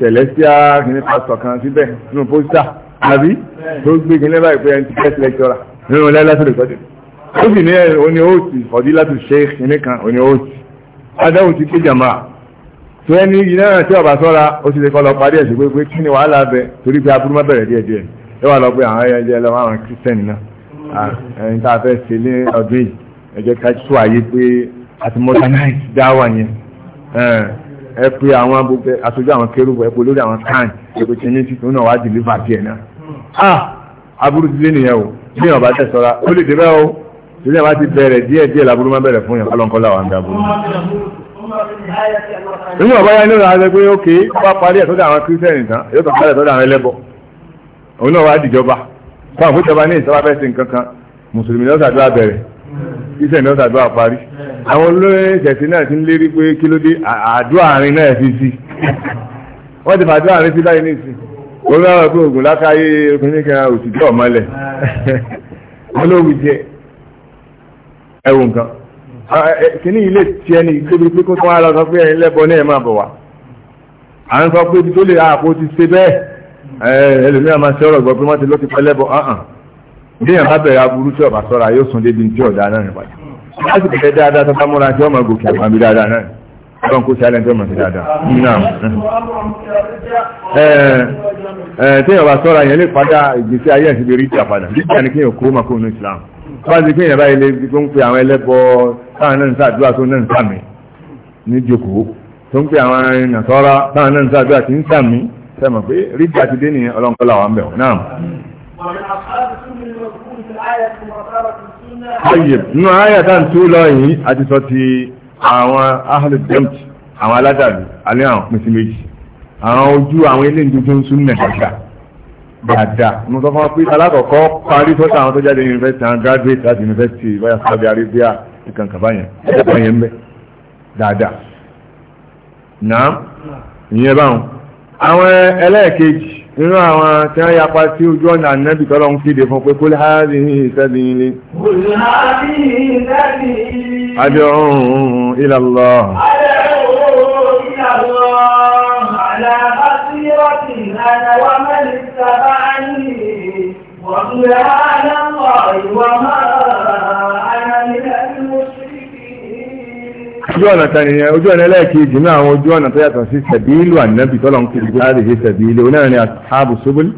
celestial kìíní pastor kan síbẹ̀ nínú pósítà àbí tó gbé kìíní báyìí pé ẹni test lecturer nínú ẹlọ́tò lòkọ́dé ó sì ní oní oòtì ọ̀dí láti ṣe kìíní kan oní oòtì adáwò ti ké jàmáà tó ẹni yìí náà tí ọba sọ́ra ó ti lè kọ́ lọ parí ẹ̀sìn pé pé kí ni wàhálà bẹ torí pé aburú má bẹ̀rẹ̀ díẹ̀ díẹ̀ ẹ wà lọ pé àwọn ẹyẹ ẹjẹ lọ́wọ́ àwọn kírísítẹ́nì náà ẹni tá a fẹ́ ṣe ní ọdún yìí ẹ jẹ́ ká tó àyè pé àti modernize dáwà yẹn ẹ pé àwọn aṣojú àwọn kérúbù ẹ pé lórí àwọn kan ẹ pé kìíní títún náà wá deliver díẹ̀ náà ah aburú ti lé nìyẹn o bí ọba tẹ̀ sọ́ra ó lè débẹ̀ o torí àwọn ti bẹ̀rẹ̀ díẹ̀ díẹ̀ laburú má bẹ̀rẹ̀ fún yàn kọ́lọ́ńkọ́lọ́ àwọn àgbà nígbà báyá nínú àwọn ẹgbẹ́ òkè wá parí ẹ̀ sọ́dọ̀ àwọn kírísẹ́nì tán yóò tàn kálẹ̀ sọ́dọ̀ àwọn ẹlẹ́bọ òun náà wá dìjọba fún àwọn ìjọba ní ìsọ́wá fẹ́ sí nǹkan kan mùsùlùmí lọ́sà tó àbẹ̀rẹ̀ kírísẹ́nì lọ́sà tó àparí àwọn olóyè ìṣẹ̀sìn náà ti ń lérí pé kí ló dé àdúrà àárín náà fi sí wọ́n ti fàdúrà àárín sí báyìí ní ìsìn olóyè àwọn ẹgbẹ́ ògùn lákáyé obìnrin kan òsì kìíní ilé tiẹ̀ ní ìgbébi pé kó tó wá lọ sọ pé ẹ̀yin lẹ́bọ ní ẹ̀ máa bọ̀ wá à ń sọ pé ibi tó lè àpò ti ṣe bẹ́ẹ̀ ẹlòmíràn máa ṣe ọ̀rọ̀ gbọ́ pé wọ́n ti ló ti pẹ́ lẹ́bọ ọ̀hàn déèyàn bá bẹ̀rẹ̀ aburú tí ọ̀bà sọ́ra yóò sún débi tí ọ̀dà náà nípa láti bẹ̀rẹ̀ dáadáa tó bá múra tí ọmọ gòkè àgbà bí dáadáa náà ọlọ́run kó sálẹ̀ tí ọmọ sí dáadáa náà ẹ̀ tí ọ̀bà sọ́ra yẹn lè padà ìgbésí ayé ẹ̀sìn bí ríjà padà ríjà ni kí èèyàn kó máa kó nínú Islam bá ti kí èèyàn báyìí lè fi tó ń pe àwọn ẹlẹ́bọ táwọn náà ń sàdúrà tó náà ń sàmì ní jòkó tó ń pè àwọn nàṣọ́ra táwọn náà ń sàdúrà tí ń sàmì sẹ́mọ̀ pé rídà ti dé ní ọlọ́nkọ́lá wa ń bẹ̀ wọ́n náà. ayé nínú ayé tá ń tú lọ yìí a ti sọ ti àwọn ahlu demt àwọn aládàlú alẹ́ àwọn pín méjì àwọn ojú àwọn ilé ìdójú ń sún nàìjíríà dáadáa mo sọ fún wa alákọ̀ọ́kọ́ parí sọ́tà àwọn tó jáde yunifásitì graduate láti nǹkan kàbá yẹn ẹ̀kọ́ yẹn bẹ́ dáadáa náà ìyẹn báwọn àwọn ẹlẹ́ẹ̀kejì nínú àwọn tí wọ́n yapa sí ojú ọ̀nà ànábì tọ́lọ́ ń kéde fún pé kul hadhihi sabili. kul hadhihi sabili. ad'u ila Allah. ad'u ila Allah. ala basiratin ana wa man ittaba'ani wa subhana Allah wa ma ojú ọ̀nà kan nìyẹn ojú ọ̀nà ẹlẹ́ẹ̀kejì náà àwọn ojú ọ̀nà tó yàtọ̀ sí sẹ̀bílù ànábì tọ́lọ̀ ń kiri láti ṣe sẹ̀bílù onáà ní ààbò ṣubúl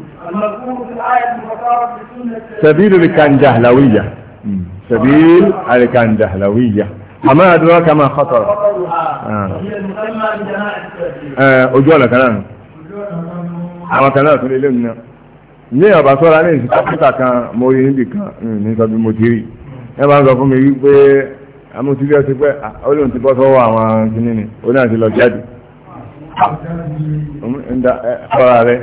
sẹ̀bílù rìkànjà àlàwíyà hmm. sẹ̀bílù àrìkànjà àlàwíyà àmọ́ àdúrà kà máa kọ́tọ̀rọ̀ ah. eh, ojú ọ̀nà kan náà àwọn kan náà tó lé lónìí náà ní ọ̀bà sọ́ra ní ìsìn kan mo rí níbì kan ní sọ mo ti rí ẹ àmú ti rí ọtí pẹ́ olóhùn ti bọ́ sọ́wọ́ àwọn kìíní ni ó náà ti lọ jáde ọ̀rà rẹ̀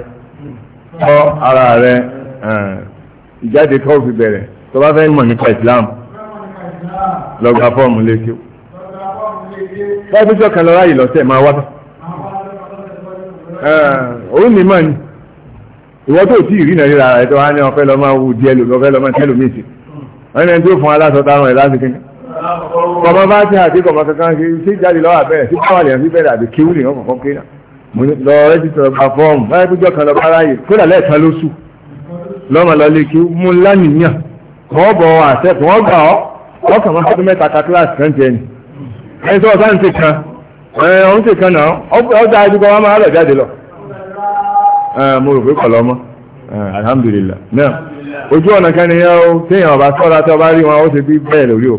kọ́ ara rẹ̀ ìjáde kọ́ fi bẹ̀rẹ̀ tó bá fẹ́ mọ̀ nípa Islam lọ́gbà fọ́ọ̀mù lékè fọ́ọ̀mù kan lọ́ra yìí lọ́sẹ̀ máa wá òun ní mọ̀ ni ìwọ́n tó tí ìrìnà ríra rẹ̀ tó wá ní ọ̀fẹ́ lọ́mọ wù díẹ̀ lò lọ́fẹ́ lọ́mọ tẹ́lòmíìsì kọ̀mọ́ bá ti àti kọ̀mọ́ kankan ṣe ṣé jáde lọ́wọ́ àbẹ̀rẹ̀ sí káwàlì àti bẹ̀rẹ̀ àbí kéwù lè wọ́n kọ̀ọ̀kan kéwà lọ rẹ́jísítọ̀ gba fọ́ọ̀mù báyìí kújọ́ kan lọ bára yìí kódà lẹ́ẹ̀kan lóṣù lọ́mọ lọ lé kéwù mú lánìyàn wọ́n bọ̀ àṣẹ tí wọ́n gbà ọ́ wọ́n kàn máa fọ́dún mẹ́ta ka kíláàsì kan jẹ ni ẹni tó ọ̀sán ti kan ọ̀hún ti kan náà ó dáa ju kọ́ wọ́n máa lọ jáde lọ. mo rò pé kọ̀ lọ́mọ alhamdulillah náà ojú ọ̀nà kan nìyẹn o téèyàn ọba sọ́ra tó bá rí wọn ó ti bí bẹ́ẹ̀ lórí o.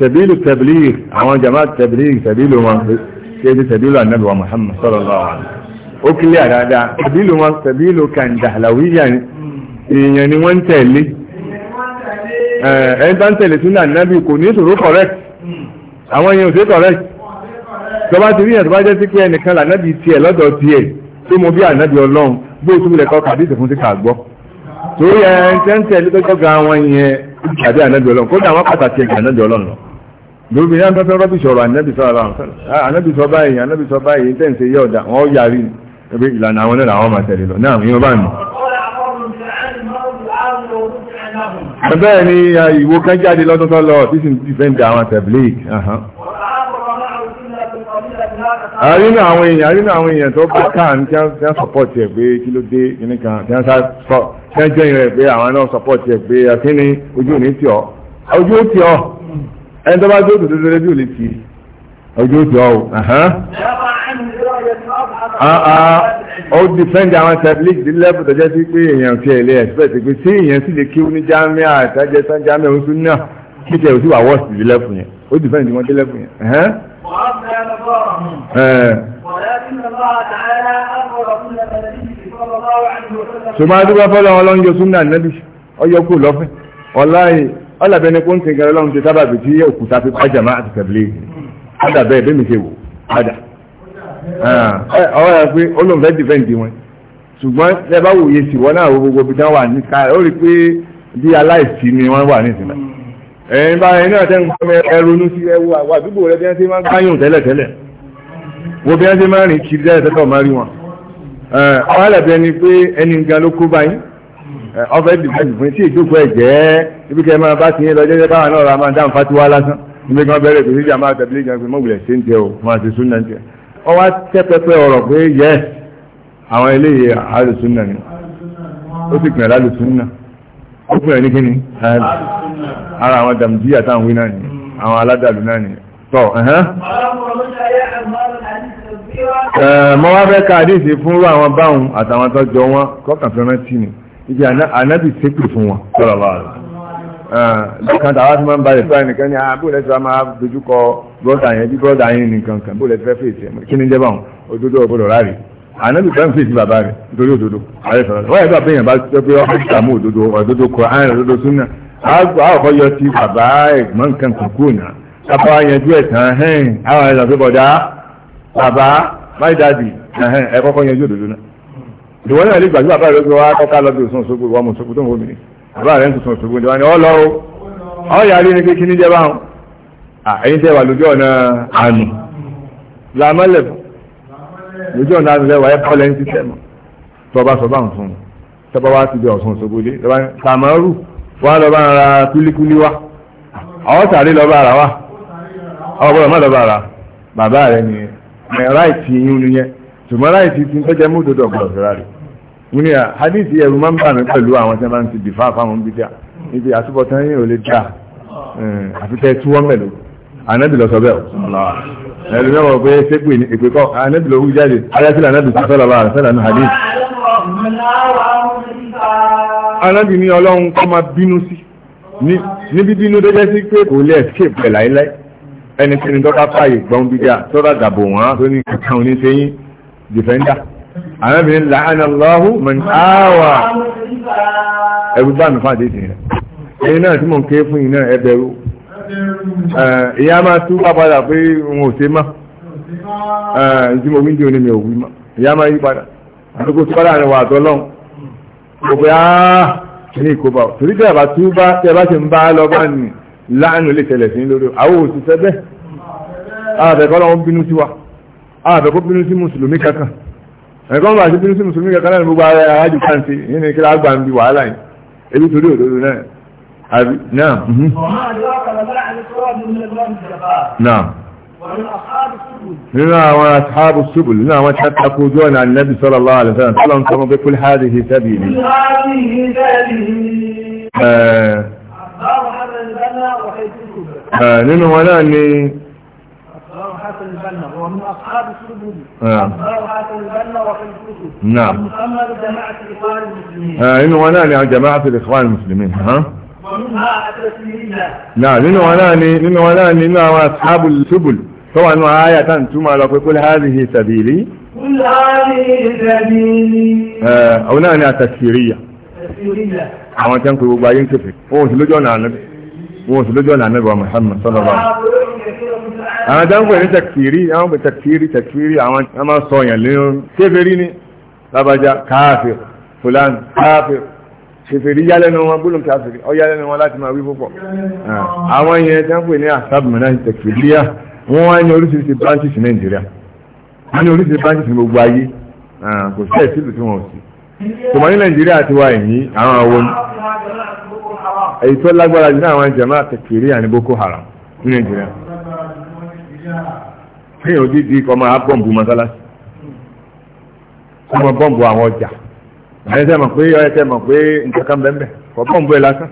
sẹ̀bílù tẹ̀bílì àwọn jama tẹ̀bílì sẹ̀bílù wọn ṣe ti sẹ̀bílù ànábì wa Muhammad sallallahu alaihi wasallam ó kílẹ̀ àdáadáa sẹ̀bílù wọn sẹ̀bílù kàndàlàwíyà èèyàn ni wọ́n ń tẹ̀lé ẹni bá ń tẹ̀lé sínú ànábì kò ní ìṣòro correct àwọn èèyàn ò sí correct tọba ti rí yẹn tó bá jẹ́ sí pé ẹnìkan lànábì tiẹ̀ lọ́dọ̀ tiẹ̀ tó mo bí ànábì ọlọ́run bó o túbúlẹ̀ kọ́ kàdí ìsìnkú ti kà gbọ́ torí ẹ̀ ń tẹ́ ń tẹ̀lé tó jọ́ ga wọn yẹn àbí ànábì ọlọ́run kódà wọ́n pàtàkì ẹ̀gbẹ̀ ànábì ọlọ́run lọ lóbi náà tọ́tọ́ rọ́bì sọ̀rọ̀ ànábì sọ ara ah, ànábì sọ báyìí ànábì sọ báyìí tẹ̀ ń ṣe yé ọ̀dà wọ́n yarí ẹbí ìlànà àwọn náà làwọn máa tẹ̀lé lọ náà ìyọ́n bá mi. bẹ́ẹ̀ ni ìwo kan jáde lọ́dún tó lọ tí sì ń dìfẹ́ǹdì àwọn tẹ̀blík àrínà àwọn èèyàn àrínà àwọn èèyàn tó bá káà ní kí wọ́n sọpọ́ọ̀tì ẹ̀ pé kí ló dé kí wọ́n sá kẹ́jẹ́ rẹ̀ pé àwọn náà sọpọ́ọ̀tì ẹ̀ pé akíní ojú ò ní tì ọ́ ojú ó tì ọ́ ẹni tó bá tó tòtò tó rédíò lè tì ojú ó tì ọ́ o. ó dìfẹ́ǹdì àwọn tẹ̀blík dí lẹ́bù tó jẹ́ sí pé èèyàn fi ẹ̀lẹ́ ẹ̀sìpẹ̀tì pé tí èèyàn sì lè kí ní jámíà àtàjẹ́ sán Jamia, oṣù náà kí tẹ̀ òsì wà wọ́ọ̀sì dí lẹ́bù yẹn ó dìfẹ́ǹdì wọn dí lẹ́bù yẹn. ولكن الله تعالى أمر كل نبي ṣùgbọ́n adúgbò fọ́lọ́ ọlọ́njọ súnà nẹ́bí ọyọkù lọ́fẹ́ ọláyè ọlàbẹni kó ń tẹ̀ gẹ̀rẹ́ ọlọ́run ti sábàbí tí òkúta fi pàjá máa ti tẹ̀lé padà bẹ́ẹ̀ bẹ́ẹ̀ mi ṣe wò padà ah, ọwọ́ yà pé olóhùn fẹ́ dìfẹ́ǹdì wọn ṣùgbọ́n ẹ bá wòye sí wọn náà gbogbo ibi tán wà ní ká ó rí pé bí aláìsí ni wọ́n wà ní ìsinmi ẹ̀yin bá ẹni náà tẹ́ ń gbọ́ ẹ ronú sí ẹwọ àdúgbò rẹ bí wọ́n ṣe máa ń gbáyùn tẹ́lẹ̀tẹ́lẹ̀ wo bí wọ́n ṣe máa ń rìn kiri tẹ́lẹ̀tẹ́lẹ̀ ọ̀ máa rí wọn ọ̀hálàbí ẹni pé ẹni gan ló kó báyìí ọ̀fẹ́ dìbẹ́ẹ̀dì fún tí ìjókòó ẹ̀ jẹ́ ibi kẹ́ máa bá ti yín lọ jẹ́jẹ́ báwa náà ra máa dáhùn fatiwa lásán ibi kan bẹ̀rẹ̀ pé síjà máa tẹ̀lé ìjọba pé mọ̀wùlẹ̀ ṣe ń tẹ o máa ṣe súnà ń tẹ ọ wá tẹ́ pẹpẹ ọ̀rọ̀ pé yẹ àwọn eléyìí alùsúnà ni ó sì pìnrẹ̀ lálùsúnà ó pìnrẹ̀ ní kíni ara àwọn dàmdíyà táwọn wí náà ni àwọn aládàlú náà ni tọ́ ẹ̀hán mọ́ wá fẹ́ ká àdíṣe fún rú àwọn báhùn àtàwọn tọ́jọ wọn kọ́kàn fẹ́ rántí ni ibi ànábì ṣépè fún wọn sọ̀rọ̀ báwọn lọ́kàn tàwa ti máa ń balẹ̀ fún ẹnìkan ní àbúrò ah, lẹ́sẹ̀ wa máa dojú kọ bọ́ọ̀dà yẹn bí bọ́ọ̀dà yẹn nìkan kan bóòlẹ̀ fẹ́ fèsì ẹ̀ kí ni jẹ́ báwọn òdodo òbòdò ráre ànábì fẹ́ ń fèsì bàbá rẹ̀ nítorí òdodo ààrẹ sọ̀rọ̀ wọ́n yẹ bá bẹ́yẹn bá jẹ́ pé ọ́fíìsì ìdààmú òdodo òdodo kọ ààrẹ òdodo súnà àkọ́kọ́ yọ ti bàbá ẹ̀gbọ́n nǹkan kò kúrò náà kápá yẹn dúẹ̀ tán hẹ́n àwọn ẹ̀sán pé bọ̀dá bàbá my daddy ẹ kọ́kọ́ yẹn yóò dòdò náà ìwọ náà lè gbàgbé bàbá rẹ pé wàá kọ́kọ́ lọ bí òsùn òṣogbo ìwà òṣogbo tó ń wọ́n mi bàbá rẹ ń sùn òṣogbo ìjọba ni ọ lọ o ọ yà rí ni pé kí ní jẹ báwọn ẹyin tẹ wà lójú ọ̀nà àánú làmọ́lẹ̀ lójú ọ̀nà àánú lẹ́wà ẹ̀ pọ́lẹ́ ń ṣiṣẹ́ mọ́ tọba sọ báwọn fún un tọba wa ti bí ọ̀sán òṣogbo dé tọba tàmọ́rù wà lọ bá ara kúlíkúlí wa ọ̀ tàrí lọ bá ara wa ọ̀ bọ́lọ̀ má lọ bá ara bàbá rẹ nìyẹn ẹ̀ ráìtì yín ni yẹn ṣùgbọ́n ráìtì ti ń tọ́jẹ́ mú dodo ọ̀gbọ̀n ọ̀sẹ̀ rárẹ̀ mo ní hadith ẹ̀rù máa ń bà mí pẹ̀lú àwọn tí wọ́n bá ń ti dìfà fáwọn bíbí à níbi àtúbọ̀tán yìí ò lè dà àfi tẹ́ tí wọ́n mẹ̀lú ànábì lọ sọ bẹ́ẹ̀ ẹ̀rù náà wọ̀ pé ṣégbè ní èpè kọ́ ànábì lọ wú jáde ayásílẹ̀ ànábì sọ sọ́lá bá sọ́lá ní hadith. ànábì ní ọlọ́run kọ́ máa bínú sí ní bíbínú tó jẹ́ sí pé kò lè escape pẹ̀ láéláé ẹnikẹ́ni tó bá fààyè gbọ́n bídíà tó bá gàbò wọ́n tó ní kankan oníṣẹ́yìn dìfẹ́ndà arábìnrin làánà lọ́hù mọ̀n áwà ẹgbẹ́ bá mi fàdé ìsìn rẹ̀ èyí náà tí mò ń ké fún yìí náà ẹbẹ̀rú ìyá máa tú bá padà pé òun ò ṣe mọ́ ìdí mo wíńdí oní mi ò wí mọ́ ìyá máa yí padà àdúgbò tó padà rẹ̀ wà àtọ́lọ́hùn kò pé áá ní ìkóbá torí tẹ́ bá tú bá tẹ́ bá ṣe ń bá lọ bá nìyí láàánú lè tẹ̀lẹ̀ sí lórí àwọn òṣìṣẹ́ bẹ́ẹ̀ ààbẹ̀kọ́ lọ́wọ́ bínú sí wa ààbẹ̀kọ́ bínú sí mùsùlùmí kankan ẹ̀kọ́ bá sí bínú sí mùsùlùmí kankan náà gbogbo ara ajú káǹtì yìí ni kíra àgbà ń bi wàhálà yìí ebi torí òdodo náà àbí náà. náà nínú àwọn asáàbù ṣubù nínú àwọn tàkàkù ojú ọ̀nà ànábì sallallahu alaihi wasallam tọ́lọ́ ń sọ fún pé kúlhádìí sábìlì. nínú wọn náà ni ومن أصحاب السلوبين نعم نعم جماعة الإخوان المسلمين إنه أنا يعني جماعة الإخوان المسلمين ها ومنها التسليمية نعم إنه ولاني إنه ولاني إنه أصحاب السبل طبعا آية أنتم على كل هذه سبيلي كل هذه سبيلي آه، أو نعم تسيرية تسيرية أو تنقل وبعدين تفك أوه لجونا النبي wọn sì lójú ọ̀nà àmẹ́bọ̀ Muhammad sallallahu alaihi wasallam àwọn dáńgbò ní takfiri àwọn pè takfiri takfiri àwọn a máa sọ yàn lẹ́yìn kéferí ni lábájá káàfir fulan káàfir kéferí yálẹ́nu wọn gbólóhùn káàfir ọ yálẹ́nu wọn láti máa wí púpọ̀ ah, àwọn yẹn dáńgbò ní àsábùmọ̀nà takfiri yá wọ́n wá ní oríṣiríṣi branches Nàìjíríà wọ́n ní oríṣiríṣi branches gbogbo ayé ah, kò sí ẹ̀sìlù tí wọ́n sí tòmọ́ ní Nàìjíríà ti wá ẹ̀yìn àwọn àwọn èyí tó lágbára jù ní àwọn jàmáà kẹkẹrẹ àní Boko Haram ní Nàìjíríà di kọ́ máa bọ́ǹbù mọ́sálásí kọ́ máa bọ́ǹbù àwọn ọjà ẹ̀yẹ́ tẹ́ mọ̀ pé ọ̀yẹ́ tẹ́ mọ̀ pé nǹkan kan bẹ́ẹ̀ kọ́ ẹ̀ lásán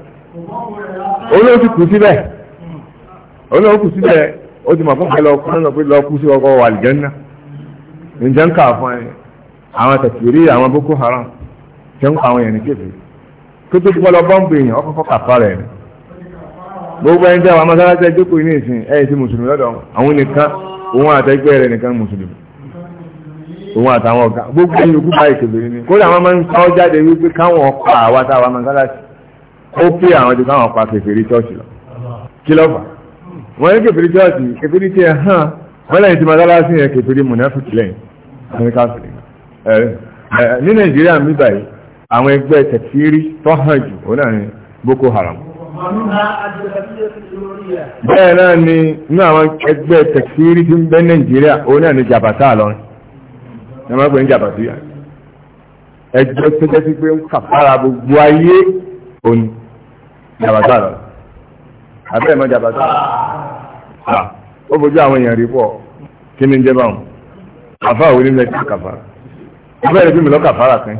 kù síbẹ̀ kù síbẹ̀ ó ti mọ̀ fún kú sí ọkọ̀ wà ǹjẹ́ ń àwọn àwọn Boko Haram ń àwọn yẹn ní kó tó dúpọ́ lọ bọ́ǹbù èèyàn ọkọ̀ kàfà rẹ̀ ni gbogbo ẹni tí àwọn amásáráṣẹ́ jókòó ní ìsìn ẹ̀ sí mùsùlùmí lọ́dọ̀ àwọn nìkan òun àtẹ́gbẹ́ rẹ̀ nìkan mùsùlùmí òun àtàwọn ọ̀gá gbogbo ẹni òkú bá ìṣèlérí ni kódà àwọn máa ń sọ jáde wípé káwọn ọkọ̀ àwa táwa amásáráṣẹ́ ó pé àwọn ti káwọn ọkọ̀ kèfèrí chọ́ọ̀chì lọ kí lọ́fà wọ́n ní kèfèrí chọ́ọ̀chì kèfèrí tí hàn wọ́n lẹ́yìn tí masáráṣẹ́ yẹn kèfèrí mùnáfíkì lẹ́yìn ní nàìjíríà mí báyìí àwọn ẹgbẹ́ tẹ̀fírí tó hàn jù ó náà ni Boko Haram bẹ́ẹ̀ náà ni inú àwọn ẹgbẹ́ tẹ̀fírí tí ń bẹ Nàìjíríà ó náà ni jàbátà lọ ẹ máa pè ní jàbátà ẹgbẹ́ tó jẹ́ sí pé ń kàfàrà gbogbo ayé òní jàbátà lọ abẹ́ẹ̀ mọ́ jàbátà lọ ó fojú àwọn èèyàn rí pọ̀ kí ni ń jẹ́ báwọn àfáà òní lẹ́kọ̀ọ́ kàfàrà abẹ́ẹ̀ rẹ̀ bí mi lọ́ kàfàrà kan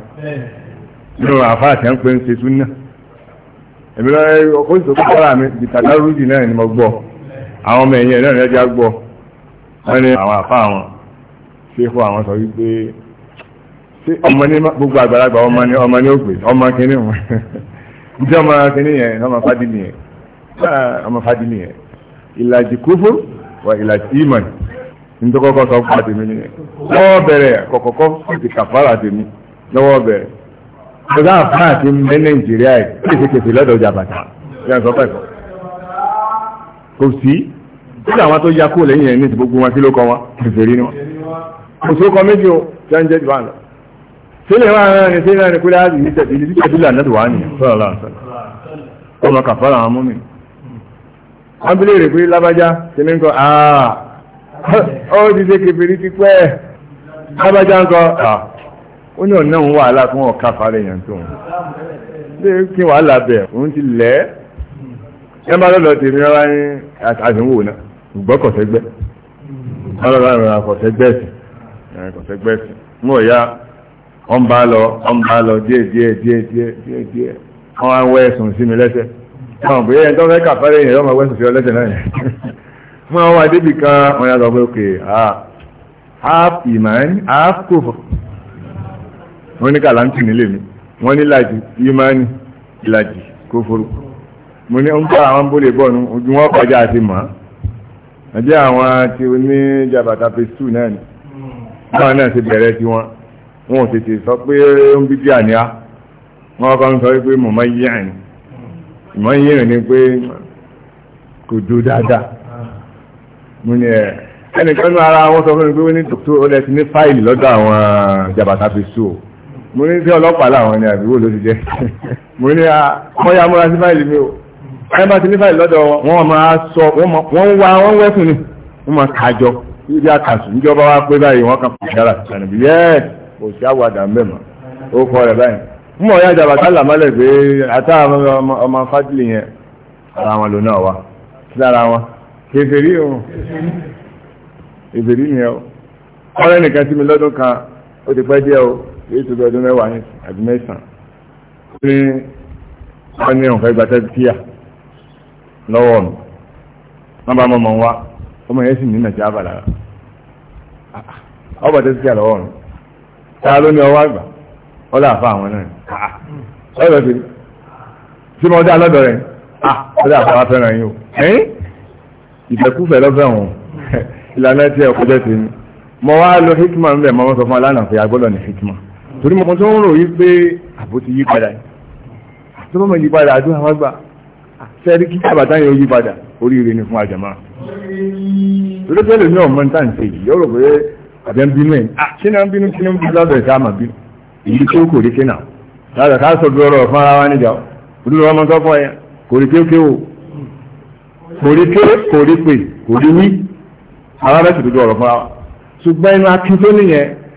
nínú àfa àti ẹ̀ńpẹ́ ń ṣe súnà èmi lọ ọkọ̀ ìṣòkò kọ́ra mi bìtàdá rújì náà ni mo gbọ́ àwọn ọmọ ẹ̀yìn náà lẹ́jà gbọ́ wọ́n ní àwọn àfa àwọn ṣéfọ́ àwọn sọ wípé ṣé ọmọ ní gbogbo àgbàlagbà ọmọ ní ọmọ ní òpè ọmọ kìíní wọn ǹjẹ́ ọmọ kìíní yẹn ọmọ fadìní yẹn ọmọ fadìní yẹn ìlàjì kúfù wà ìlàjì ìmọ̀ni ní tó kọ́kọ́ sọ fún àtẹ̀mí nìyẹn lọ́wọ́ bẹ̀rẹ̀ kọ̀kọ́kọ́ ti kàfàrà àtẹ̀mí lọ́wọ́ bẹ̀rẹ̀ ọ̀dá àfáà ti ń bẹ nàìjíríà ẹ̀ kí èsì lọ́dọ̀ ọjà bàtà yẹn sọ pẹ̀kọ́ kò sí kí tó ya kó lẹ́yìn ẹ̀ ní ti gbogbo wọn kí ló kọ wọn kèfì rí ni wọn kò sókọ méjì o tí jẹ́ jù wá lọ sílẹ̀ wà náà ni sílẹ̀ ni kúlẹ̀ àti ìtẹ̀bí ní là sọ̀rọ̀ ọmọ wọ́n bí léèrè pé ó ní ọ̀nà òun wàhálà fún ọ̀ka fara èèyàn tó ń lé kí wàhálà bẹ̀ òun ti lẹ̀ ẹ́ ẹ bá lọ́dọ̀ tèmi rárá ní àtàdínwò náà ṣùgbọ́n kọ̀sẹ́gbẹ́ ọlọ́dọ̀ ìrora kọ̀sẹ́gbẹ́ sí kọ̀sẹ́gbẹ́ sí mú ọ̀yá ọ̀n bá lọ ọ̀n bá lọ díẹ̀ díẹ̀ díẹ̀ díẹ̀ díẹ̀ díẹ̀ wọ́n á wẹ́ ẹ̀sùn sí mi lẹ́sẹ̀ náà bóyá ẹni tó fẹ́ kà fẹ́rẹ́ yẹn yọ́n máa wẹ́sùn sí ọ lẹ́sẹ̀ náà yẹn mú àwọn adébì kan wọ́n yà lọ pé ok ah, half iman half kufr wọ́n ní kàlántì nílé mi wọ́n ní láti yimani ìlàjì kó forú mo ní ń bá àwọn bólè bọ́ọ̀nù ojú wọn kọjá àti mọ́ àjẹ́ àwọn tí ó ní jabata pestu náà ni báwọn náà ti bẹ̀rẹ̀ sí wọn wọn ò tètè sọ pé ń bí àníá wọn kọ́ ń sọ pé mọ̀ máa yí àní mọ̀ yí àní ni pé kò do dáadáa mo ní ẹ̀ ẹnìkan ní ara wọn sọ fún mi pé ó ní dòkítọ́ ó lẹ́sìn ní fáìlì lọ́dọ̀ àwọn jabata pestu o mo ní tí ọlọ́pàá láwọn ní àbíwò ló ti jẹ́ mo ní àkọ́yà múra sí fáìlì mi o ẹ bá ti ní fáìlì lọ́dọ̀ wọn máa sọ wọ́n wá wọ́n wẹ́sùn ni wọ́n máa kájọ ibi àkàsù níjọba wá pé báyìí wọ́n kàn fún ìyára ìsànàbí yẹ́ kò sí àwàdà ń bẹ̀ ó kọ rẹ̀ báyìí mú ọ̀yá ìjàmbá tá làmọ́lẹ̀ pé àtà ọmọ fájìlì yẹn ara wọn ló náà wá lára wọn kèfèrí o kèfèrí yẹn o ọ̀rẹ́ nìkan sí mi lọ́dún kan ó ti pẹ́ díẹ̀ o èyí tó bí ọdún mẹ́wàá yẹn àbí mẹ́sàn-án pé wọ́n ní ọ̀fẹ́ gba tẹ́tíà lọ́wọ́ mi wọ́n bá mọ̀mọ́ wa ọmọ yẹn sì ní nàìjíríà bàlá ọgbà tẹ́tíà lọ́wọ́ mi ta ló ní ọwọ́ àgbà ọlọ́ àfa àwọn náà ọlọ́ sí tí mo dá lọ́dọ̀ rẹ̀ ah, ọlọ́ àfa wa fẹ́ràn yín o ìfẹ́kúfẹ́ lọ́fẹ́ wọn ìlànà tí ẹ̀ kọjá sí mi mo wá lo hikma ń bẹ̀ mo sọ fún alánàfẹ́ agbọ́dọ̀ ní hikma torí mọ̀ tó ń rò yí pé àbò ti yí padà tó mọ̀ yí padà àdúrà wá gbà sẹ́rí kí àbàtà yóò yí padà oríire ni fún àjàmá torí tẹ́lẹ̀ ní ọmọ níta nìṣe yìí yọ̀rọ̀ pé àbẹ̀ ń bínú ẹ̀ ah, ṣé náà ń bínú kí ní ń bí lábẹ̀ sáà mà bínú èyí tó kò rí kí lára ká sọ dúró fún ara wa níjà olúwa ọmọ tó fọ kò rí kéèké o kò rí ké kò rí pè kò rí wí ara bẹ́ẹ̀ sì dúró ọ̀rọ̀ fún ara wa ṣùgbọ́n inú akíntó nìyẹn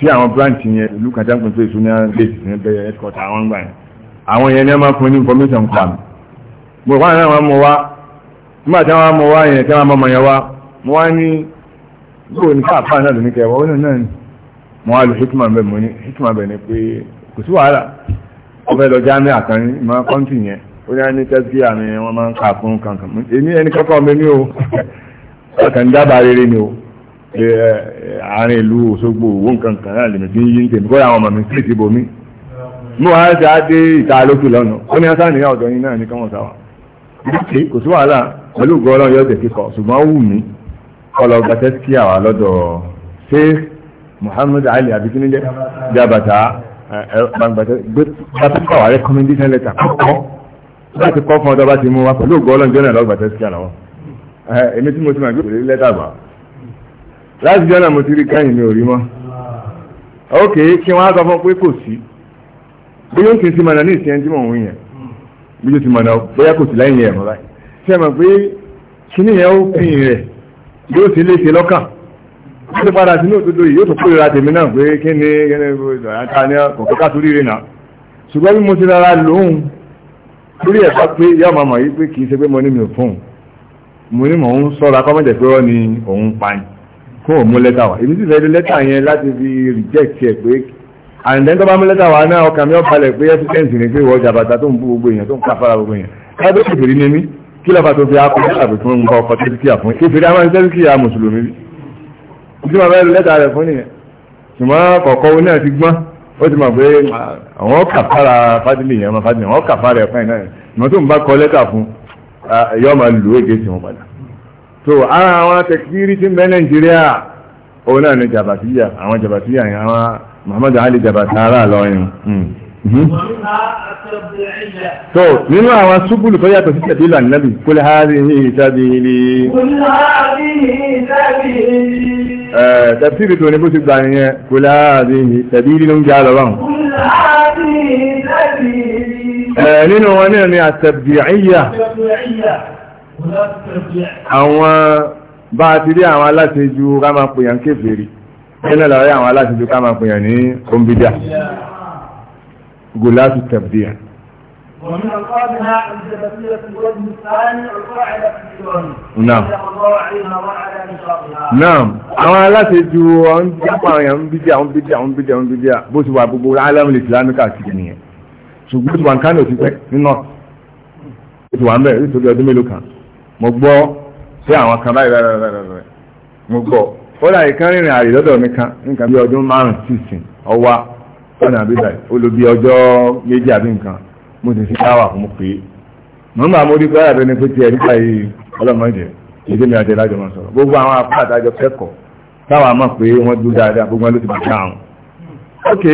sí àwọn branch yẹn ìlú kan jágùn tó ìsúná base ní bẹ̀rẹ̀ headquarter àwọn gbà yẹn àwọn yẹn ní a máa fún ní information pa mi mo wá náà wọn mọ wá nígbà tí wọn mọ wá yẹn tí wọn mọ yẹn wá mo wá ní bóò ní káàpá náà lóní kẹwàá ó náà náà ni mo wá lu hikma bẹ mo ní hikma bẹ ni pé kò sí wàhálà ó fẹ́ lọ jáàmì àkànní ìmọ̀ kọ́ńtì yẹn ó ní a ní tẹ́sí àmì wọn máa ń kà fún kankan èmi ẹni kọ́kọ́ mi ni o àárín ìlú Òṣogbo owó nǹkan kan náà lèmi fi ń yí ń tèmi kọ́ra àwọn ọmọ mi sí ìdìbò mi mú wàá ṣe á dé ìta lókè lọ́nà ó ní asáà níyà ọ̀dọ́ yín náà ní káwọn sáwà ìdíje kò sí wàhálà pẹ̀lú ògùn ọlọ́run yóò tẹ̀sí kọ ṣùgbọ́n ó wù mí kọ́ lọ gba tẹ́sí àwa lọ́dọ̀ Sheikh Muhammad Ali abikinile jabata gbàtà àwa recommendation letter kọ́kọ́ láti kọ́ fún ọdọ́ bá ti mú wa pẹ̀lú ògùn ọlọ́run jọ́nà lọ́gbà tẹ́sí àlọ́wọ́ èmi tí mo láti jọ́nà mo ti rí káyìn mi ò rí mọ́ ok kí wọ́n á sọ fún pé kò sí bóyá ó kì í sí mọ̀nà ní ìsìn tí mò ń wí yẹn bóyá ó ti mọ̀nà bóyá kò sí lẹ́yìn yẹn mọ́ báyìí ṣé ẹ mọ̀ pé kíní yẹn ó pín in rẹ̀ yóò ti léṣe lọ́kàn ó ti padà sínú òdodo yìí yóò tó kórìíra tèmi náà pé kí ni kí ni ìdọ̀yàtà ni kò ká torí rẹ̀ náà ṣùgbọ́n bí mo ti rárá lóhùn lórí ẹ̀ka pé yá màmá yìí pé kì í ṣe pé mo ní mi ò fóun mo ní mò ń sọ́ra kọ́mọ̀jẹ̀ pé wọ́n ni òun pa ni fún òmú lẹ́tà wa èmi sì fẹ́ lẹ́tà yẹn láti fi reject ẹ̀ pé àǹdẹ́ tó bá mú lẹ́tà wa náà ọkàn mi ò balẹ̀ pé ẹ́sítẹ́ǹsì ni pé ìwọ jàbàtà tó ń bú gbogbo èèyàn tó ń káfára gbogbo èèyàn káàdó ìbèrè ní mí kí lọ́ba tó fi akọ àbẹ̀ fún nǹkan ọkọ̀ tẹ́síkìá fún ìbèrè àwọn tẹ́síkìá mùsùlùmí bí tí wọ́n fẹ́ lẹ́tà rẹ̀ fún nìyẹn ṣùgbọ́n kọ̀ọ̀kọ́ oní àti gbọ́n ó ti mọ̀ pé àwọn kàfàrà fádìlì yẹn ọmọ fádìlì àwọn kàfàrà ẹ̀fọn ìnáyẹn ìmọ̀ tó ń bá kọ lẹ́tà fún yọ́ọ́ máa lù ó gé sí wọn padà to ara àwọn takbiri tin bai nigeria nàìjíríà òun ní jabatiya àwọn jabatiya yẹn àwọn muhammadu ali jabata ara lọ́yìn so nínú àwọn súbùlù tó yàtọ̀ sí tẹ̀bílà nàbì kul hadhihi sabili tẹ̀bílì tó ní bó ti gbà yẹn kul hadhihi tẹ̀bílì ló ń jà lọ́wọ́n nínú wọn náà ni àtẹ̀bìyà àwọn bá ti rí àwọn aláṣejù ká máa pèyàn kéfèrí ẹ̀nà lọ́rí àwọn aláṣejù ká máa pèyàn ní ombidia gùlásù tẹ̀bdíà náà àwọn aláṣejù ọ̀n jápa àwọn bídíà àwọn bídíà àwọn bídíà àwọn bídíà bó ti wà gbogbo alámìlì ìsìlámíkà sí nìyẹn ṣùgbọ́n tí wà ń kánò ti pẹ́ nínú ọ̀tí wà ń bẹ̀rẹ̀ nítorí ọdún mélòó kan mo gbọ́ sí àwọn kan báyìí rárá mo gbọ́ ó láyé kan rìnrìn àrè lọ́dọ̀ mi kan nǹkan bí ọdún márùn-ún sísìn ọwá ọ̀nà àbíbà olùbí ọjọ́ méjì àbí nǹkan mo sì fi káwà fún pé mo máa mo rí pé àbẹ ni pé tiẹ̀ nípa yìí ọlọ́mọdé ìdí mi àti ìdájọ́ máa sọ̀rọ̀ gbogbo àwọn apá àtàjọ kẹ́kọ̀ọ́ táwa mọ̀ pé wọ́n dúró dáadáa gbogbo wọn ló ti bàjẹ́ àwọn ok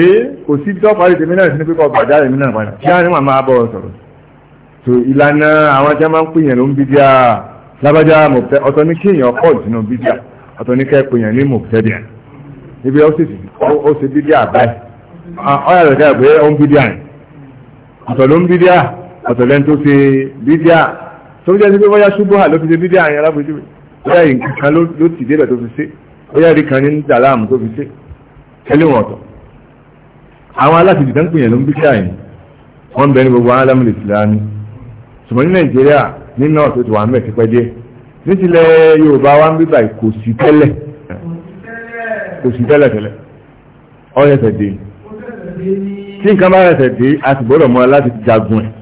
kò sí tọ́pàá ìtẹ̀mí náà sí ní pípọ̀ bàjẹ́ àrẹ̀mí náà padà kí á ní màmá bọ̀ sọ̀rọ̀ so ìlànà àwọn tí a máa ń pè yàn ló ń bídíà lábájá mọ̀tẹ́ ọ̀tọ̀ ní kéèyàn pọ̀ jù náà bídíà ọ̀tọ̀ ní kẹ́ pè yàn ní mọ̀tẹ́ díẹ̀ ibi ó sì ó sì bídíà báyìí ọ̀yà rẹ̀ káyọ̀ pé ó ń bídíà ni ọ̀tọ̀ ló ń bídíà ọ̀tọ̀ lẹ́ni tó ṣe bídíà tó jẹ́ sí pé bóyá ṣubú hà ló fi ṣe bídíà yẹn alábòjúwe bóyá nǹkan ló ti débẹ̀ tó fi ṣe bóyá rí kan ní dàlámù ṣùgbọ́n ní nàìjíríà ní north ó ti wà mẹ́ẹ̀ tipẹ́ díẹ̀ ní tilẹ̀ eh, yorùbá wa ń bíbà kò sí tẹ́lẹ̀ kò sí tẹ́lẹ̀ tẹ́lẹ̀ ó ṣẹ̀ṣẹ̀ dé tí nǹkan bá ṣẹ̀ṣẹ̀ dé a sì gbọ́dọ̀ mọ́ra láti jagun ẹ̀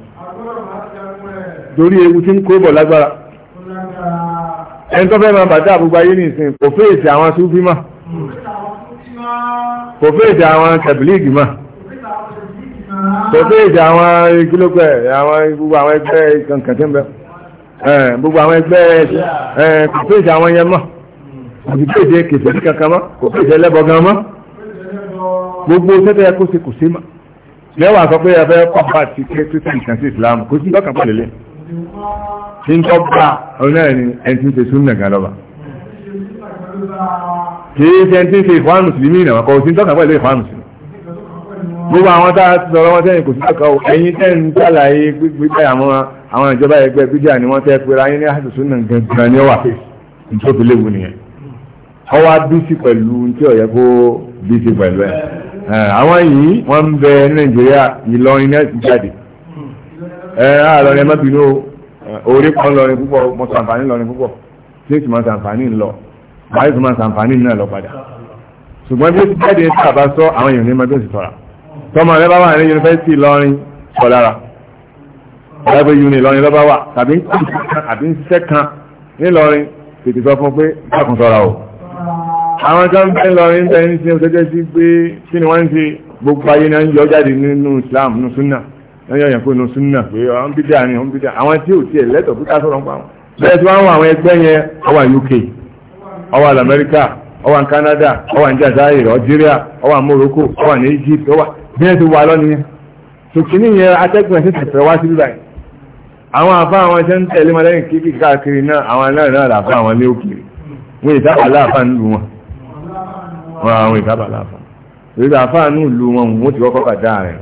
torí ewu tí ń kó bọ̀ lágbára ẹni tó fẹ́ máa bàtà àbúgbò ayé nìsín kò fèsì àwọn súfì kò fèsì àwọn tẹ̀bílíìgì mà tọ́sí ìjà àwọn ìkílópẹ̀ àwọn gbogbo àwọn ẹgbẹ́ kankan tí ń bẹ gbogbo àwọn ẹgbẹ́ kò fẹ́ ìjà àwọn yẹn mọ́ àti fẹ́ ìjẹ kèsì kankan mọ́ kò fẹ́ ìjẹ lẹ́bọ̀ gan mọ́ gbogbo sẹ́tẹ̀ kó ṣe kò sí mọ́ lẹ́wà sọ pé ẹfẹ́ pàpà ti ké títí ìkan sí ìsìlámù kò sí lọ́kàn pẹ̀lẹ́lẹ́ tí ń tọ́gbà ọ̀nà ẹni ẹni tí ń ṣe súnmọ̀ gan lọ́ba kì í ṣe ẹni tí ń ṣe ìfọ́nù sí ní ìrìnàmọ́kọ́ sí ń tọ́kàn pẹ̀lú ìfọ́nù gbogbo àwọn tá a ti sọ̀rọ̀ wọn sẹ́yìn kò sí kàkà o ẹ̀yin tẹ́yìn sàlàyé gbígbé àwọn àwọn ìjọba ẹgbẹ́ bíjà ni wọ́n tẹ́ pé ra yín ní àṣìṣe náà gangan ni ó wà pé nítorí òfin léwu nìyẹn ọwọ́ bísí pẹ̀lú tí ọ̀yẹ́ kó bísí pẹ̀lú ẹ̀ àwọn yìí wọ́n ń bẹ Nàìjíríà Ìlọrin náà ti jáde àlọ́rin ẹ̀ má bínú orí kan lọrin púpọ̀ lọ tọ́mọ rẹ bá wà ní yunifásitì lọ́rin kọlára ọ̀lẹ́gbẹ́ yuni lọ́rin lọ́bá wà tàbí ń kú kan àbí ń sẹ́kan nílọrin tètè sọ fún pé bákan sọ́ra o àwọn kan bẹ́ lọ́rin bẹ́ ní sinmi ọ̀sẹ́jẹ́ sí pé kí ni wọ́n ń ṣe gbogbo ayé náà ń yọ jáde nínú Islam nínú sunna wọ́n yọ yàn kó nínú sunna pé ọ̀n bí dáa ni ọ̀n bí dáa àwọn tí ò tiẹ̀ lẹ́tọ̀ fún kásọ̀rọ̀ pa wọn bẹ́ẹ̀ tí wọ́n àwọn ẹgbẹ́ yẹn ó wà UK ó wà America ó wà Canada ó wà Jazair Algeria ó wà Morocco ó wà Egypt ó wà bí ẹ ti wà lọ́nìí tòkìní yẹn atẹ́gùn ẹ̀sìn tẹ̀fẹ̀ wá sí bíbá yìí àwọn àbá àwọn ẹ̀sẹ̀ ń tẹ̀lé wọn lẹ́yìn kíkì káàkiri náà àwọn náà náà làbá àwọn ilé òkèèrè wọn ìtàbà láàfà ń lu wọn wọn àwọn ìtàbà láàfà ìlú àfà ń lu wọn wọn ti kọ́kọ́ bàjá rẹ̀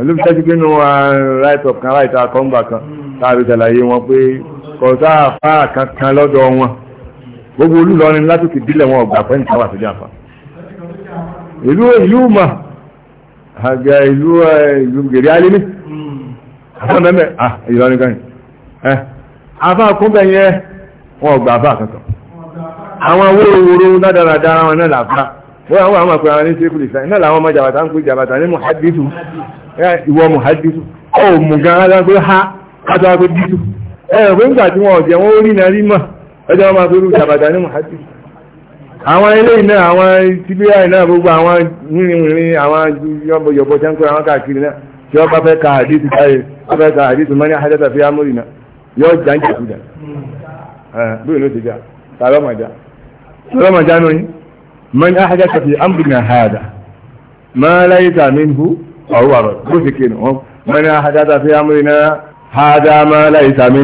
olùsẹ́jú nínú right of kan right of kọ́ńgbà kan táàbí ṣàlàyé wọn pé kọ̀ọ̀tà àfà kankan lọ́dọ̀ wọn gbogbo olúlọrin látòkè dílẹ̀ wọn ọ̀gbà pẹ́ńtà wà sójà fà ìlú ìlú hmm. ah, eh, eh, oh, eh, ma àgbà ìlú ìlú gèrè alé ha à ha kan ẹ̀ ha wọn gbà àwọn wọn náà làfá wọ́n àwọn àwọn àpẹẹrẹ ní sẹ́kùlù ìsàn náà làwọn ọmọ jàbàtà ń pè jàbàtà ní muhadisu ìwọ muhadisu ọ̀ mú gan alágbé ha kátó tí ọ̀jẹ̀ rí ẹjọ́ jàbàtà ní muhadisu àwọn ilé iná àwọn tbi náà gbogbo àwọn yìnrìnrìn àwọn yọ̀bọ̀yọ̀bọ̀ tẹ́ àwọn káàkiri náà tí wọ́n bá fẹ́ ka àdìsù báyìí wọ́n fẹ́ ka àdìsù mọ́ ní àhẹ́tẹ́ta fi ámúrì náà yọ jáǹjà kújà bóyá ló ti jà sàlọ́mọ̀já sàlọ́mọ̀já nù yín mọ́ ní àhẹ́tẹ́ta fi ámúrì náà hàdà máa láyé tà mí hu ọ̀rọ̀ bó ti kéènù wọn mọ́ ní fi náà hàdà láyé tà mí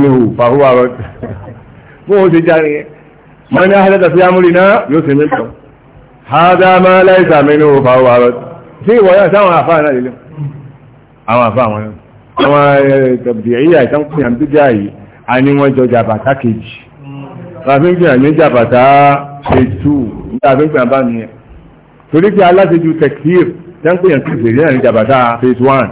bó ti jà nìyẹn mọ́ ní ahẹ́lẹ́ta sí amúrìnà yóò sì mẹ́tọ̀ hádá máa láìsà mẹ́nu fàáwọ̀ àrọ̀ sí ìwọ̀yá sáwọn àfáà náà lílẹ̀ àwọn àfáà wọn àwọn tàbíyà ìtànkùn àbíjà yìí a ní wọ́n jọ jàbàtà kejì láfíńgbìyàn ní jàbàtà ètù láfíńgbìyàn bá nìyẹn torí pé aláṣejù tẹkíìr tẹ́ńpìyàn kìí ṣèlérí náà ní jàbàtà phase one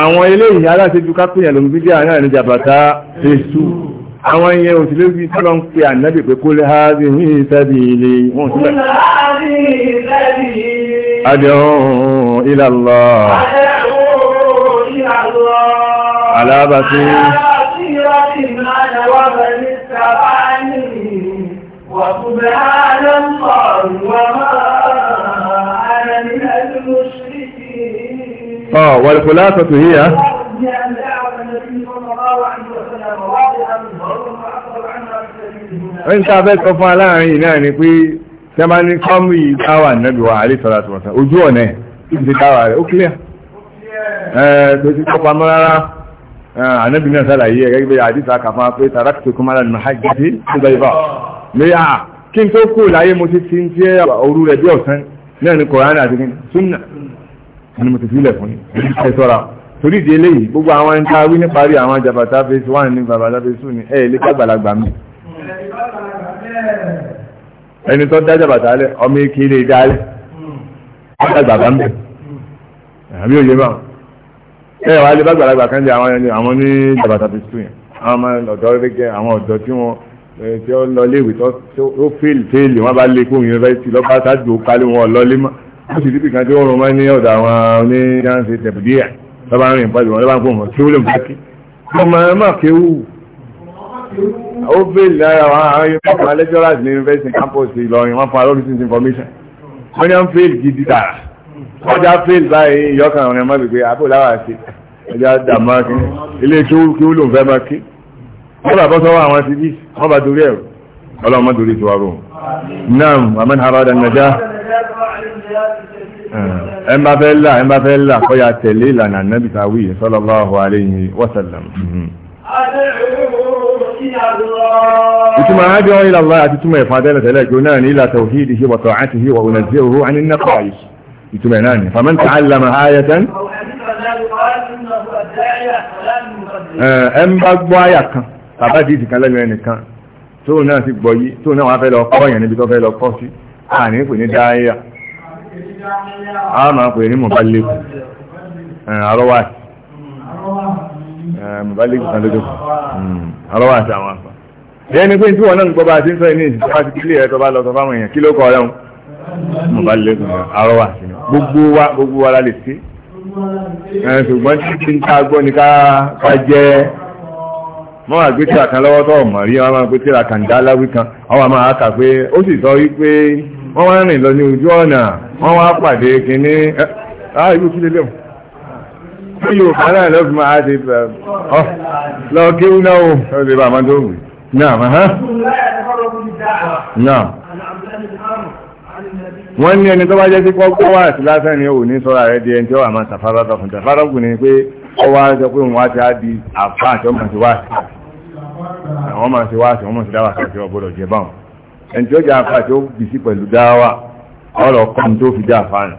àwọn eléyìí aláṣejù kápìyàn lòmùbíjà náà ní jàbàtà phase two àwọn ẹyẹn òsìlẹ̀ fi tọ́lọ ń pè ànábì pé kó lè ha rí ní ìtẹ́bì ilé wọn sílẹ̀ adẹ́hùn ìlàlọ́ alábàtí ọ̀ wàlùkùlá sọ̀tù yíya wọ́n tí a fẹ́ sọ fún aláàrin yìí náà ni pé tí a bá ní kọ́mù yìí dáwà nẹ́bí wa àlè sọ́lá tó wọ́n ojú ọ̀nà ẹ̀ tí ti dáwà rẹ̀ ó kílẹ̀ ẹ̀ tó ti kọ́ pamọ́ rárá ànábì náà sálàyé ẹ̀ gẹ́gẹ́ bí àdìsá kàfá pé tàràkìtì kọ́mọ́lá ní mahajjati tó bá ibà lè à kí n tó kú láyé mo ti ti ń jẹ́ òru rẹ̀ bí ọ̀sán náà ni kọ̀ránà mi ẹni tó dájà bàtà lẹ ọmọ ike lè dá lẹ ọjà gbàgbà ń bẹ àbí òye bá ẹ wà á lè bá gbàlagbà kan jẹ àwọn ẹni àwọn ní jàbàtà fi sùn yẹn àwọn ọmọ ọ̀dọ́ rẹ gẹ àwọn ọ̀dọ́ tí wọn tí ó lọ léèwé tó ó fèèlì fèèlì wọn bá lé kó yunifásitì lọ́ba ṣáàjú kálí wọn lọ́lé mọ́ ó sì dìbì kan tí wọ́n rún mọ́ ní ọ̀dọ̀ àwọn oníjáǹsì tẹ̀bùdíà lọ́ba rìn pàdé wọn lọ́ba ń pò wọn kí lè mú ó bèèrè lára àwọn àwọn yóò fún lecturers ní university campus Ìlọrin wọ́n fún alóòrùn information wọ́n ní wọ́n fail gidi dára ọjà fail báyìí ìyọ́kàn ọ̀rẹ́ mọ́ gbogbo àbò láwà sí ọjà dàmọ́ kí ilé kí ó lòun fẹ́ máa kí wọ́n bá bọ́ sọ́wọ́ àwọn ti bí wọ́n bá torí ẹ̀rù ọlọ́mọ torí ti wárò náà amẹ́ni harada nàjá ẹ bá fẹ́ là ẹ bá fẹ́ là kọ́ ya tẹ̀lé ìlànà nàbìtàwí sallallahu alayhi wa sallam. Hmm ìtumọ̀ rájọ́ ila Allah àti túnmọ̀ ẹ̀fà tẹ́lẹ̀ tẹ́lẹ̀ jò náà ní ila tawhidihi wa ta'atihi wa unazzihuhu 'ani an-naqa'is ìtumọ̀ náà ni faman ta'allama ayatan ẹn bá gbọ́ àyà kan tàbá di ìdìkan lẹ́nu ẹnìkan tó náà sì gbọ́ yí tó náà wọ́n fẹ́ lọ kọ́ yẹn níbi tó fẹ́ lọ kọ́ sí àní pè ní dáyà a máa pè ní mọ̀bálẹ́kù àrọ́wà mọ̀bálẹ́kù ọlọ́wọ́ àti àwọn àfà ẹni pé tí wọn náà gbọ́ bá a ti ń sọ ní ìsìn tọ́ba ti kílé rẹ tọ́ba lọ sọ fáwọn èèyàn kí ló kọ ọlọ́run mo bá lè gùn àrọ́ wà sí ni gbogbo wa gbogbo wa la lè sí ṣùgbọ́n tí tí ń ká gbọ́ ni ká jẹ́ mọ́ àgbé tíra kan lọ́wọ́ tó ọmọ rí wọn máa gbé tíra kan dá láwí kan wọn wà máa pé ó sì sọ wípé wọ́n wá rìn lọ ní ojú ọ̀nà wọ́n wá pàdé kínní ah ìlú kí lélẹ́wọ̀n tí yóò bá náà lọ́fi máa ṣe lọ kí ń náà ó lè bá máa tó wù náà máa hàn. náà wọ́n ní ẹni tó bá jẹ́ sí pọ́pọ́ wà sí lásán ni ò ní sọ́ra rẹ̀ di ẹni tí ó wà máa tàfárọ́ tọkùn tàfárọ́ kù ni pé ó wá jọ pé òun wá ti á di àfáà àti ọmọ ti wá sí àwọn máa ti wá sí ọmọ ti dáwà káàkiri ọgbọ́dọ̀ jẹ báwọn ẹni tí ó jẹ àfáà tí ó bì sí pẹ̀lú dáwà ọ̀rọ̀ kan tó fi dá àfáà náà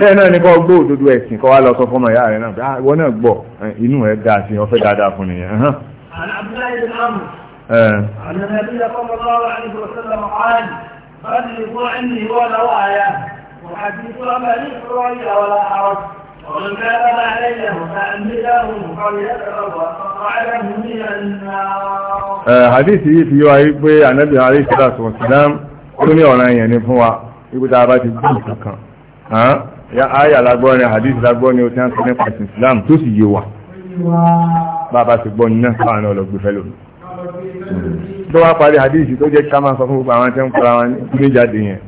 bẹ́ẹ̀ náà ni kọ́ gbó òdodo ẹ̀sìn kọ́ wá lọ sọ fọmọ ìyá rẹ̀ náà ah, wọ́n náà gbọ́ inú ẹ̀ dáa sí ọ̀fẹ́ dáadáa fún nìyẹn. Hadith yìí fi yọ pé Ànábì Alayhi Salatu tó ní ọ̀ràn yẹn ni fún wa, ipò tá a ìkankan ya aya lágbọ́ ni hadith lágbọ́ ni o ti ń sọ nípa islam tó sì yé wa bàbá ti gbọ́ ní náà káwọn ọlọ́gbẹ́ fẹ́ lónìí tó wá parí hadith tó jẹ́ ká máa sọ fún gbogbo àwọn tẹ́ ń fara wọn ní jáde yẹn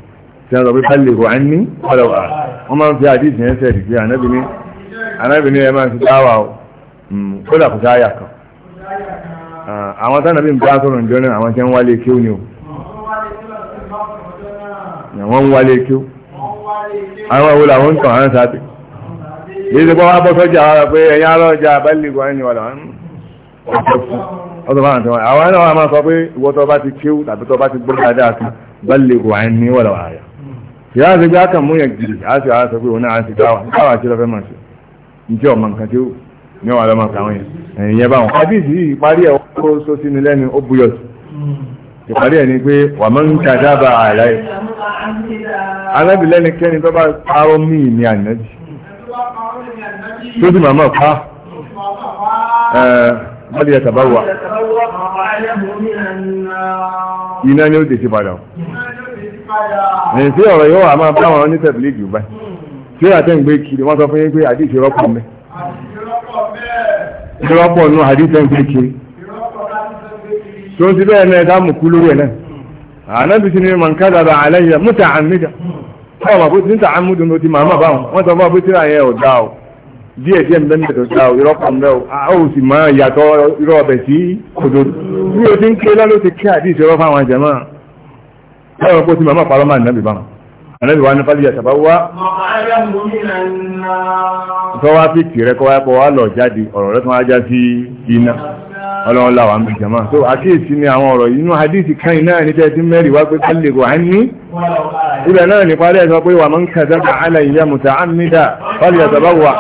tí wọ́n sọ pé pálí ìwà ń ní ọlọ́wà wọ́n máa ń fi hadith yẹn sẹ́ẹ̀dì pé anábì ní ẹ máa ń fi dáwà o hmm, kódà kò sáyà kan ah, àwọn tánàbí ń bá sọ̀rọ̀ ìjọ náà àwọn tẹ́ ń wálé kí ó ní o àwọn òwúlà wọn kàn án sáté yìí ti pọ́wọ́ bọ́ sọ́jà ara pé ẹ̀yà lọ́jà abẹ́lẹ̀gbọ́ ẹni wà láwọn ọ̀sọ̀ fáwọn tí wọ́n àwọn ẹ̀nà wọn máa sọ pé ìwọ tó bá ti kíw tàbí tó bá ti gbọ́ dáadáa sí bẹ́lẹ̀gbọ́ ẹni yẹn gidi á sì á sọ pé òun náà á ti dáwà káwà sí lọ́fẹ́ máa ṣe njẹ́ ọ̀mọ nǹkan tí ó ní ọ̀wà ẹ̀yìn yẹn báwọn. àbí ìsì yìí parí ẹ̀ ó lẹ́nu ó buyọ̀ sí ìparí ẹ̀ ni pé wà mọ́ ń kàdábà àrá ẹ̀ alábìlẹ́nikẹ́ni tó bá parọ́ mí ní ànájì tó sì màmá pa bọ́lì ẹ̀ tàbá wà iná ni ó dè sí padà ẹ̀yìn tí ọ̀rọ̀ yóò wà máa bá wọn ní tẹ̀bílì jù báyìí tí ó yàtẹ̀ ń gbé kiri wọ́n sọ fún yín pé àdìsí rọ́pọ̀ mẹ́ rọ́pọ̀ nù àdìsí ń gbé kiri tó ń ti bẹ́ẹ̀ náà dáàmú kú lórí ẹ̀ náà ànábi ti ní man kadaba alayya muta'ammidan báwọn àbó ti ń ta àmúdù ní ti màmá báwọn wọ́n sọ fún àbó tí àyẹ̀ ò dá o díẹ̀ díẹ̀ mbẹ́ mbẹ́ tó dá o irọ́ kan bẹ́ o a ó sì máa yàtọ̀ irọ́ ọbẹ̀ sí òdodo bí o ti ń ké lọ́lọ́ ti kí àdìsí ọ̀rọ̀ fáwọn àjẹmọ́ báwọn àbó ti màmá parọ́ máa nàbì báwọn ànábi wa ní fálí yàtọ̀ bá wá. tọ́wá fi tì rẹ kọ́ wá lọ jáde ọ̀rọ̀ rẹ tún wá já sí iná ọlọ́run láwà ń bẹ jama so àkíyèsí ni àwọn ọ̀rọ̀ yìí inú hadith kan náà ní tẹ́tí mẹ́rin wá pé kálí kò hàn ní ibẹ̀ náà ní parí ẹ̀sọ́ pé wà máa ń kàdá bá àlà ìyá mùtà àmìdá wálé ẹ̀sọ́ bá wà.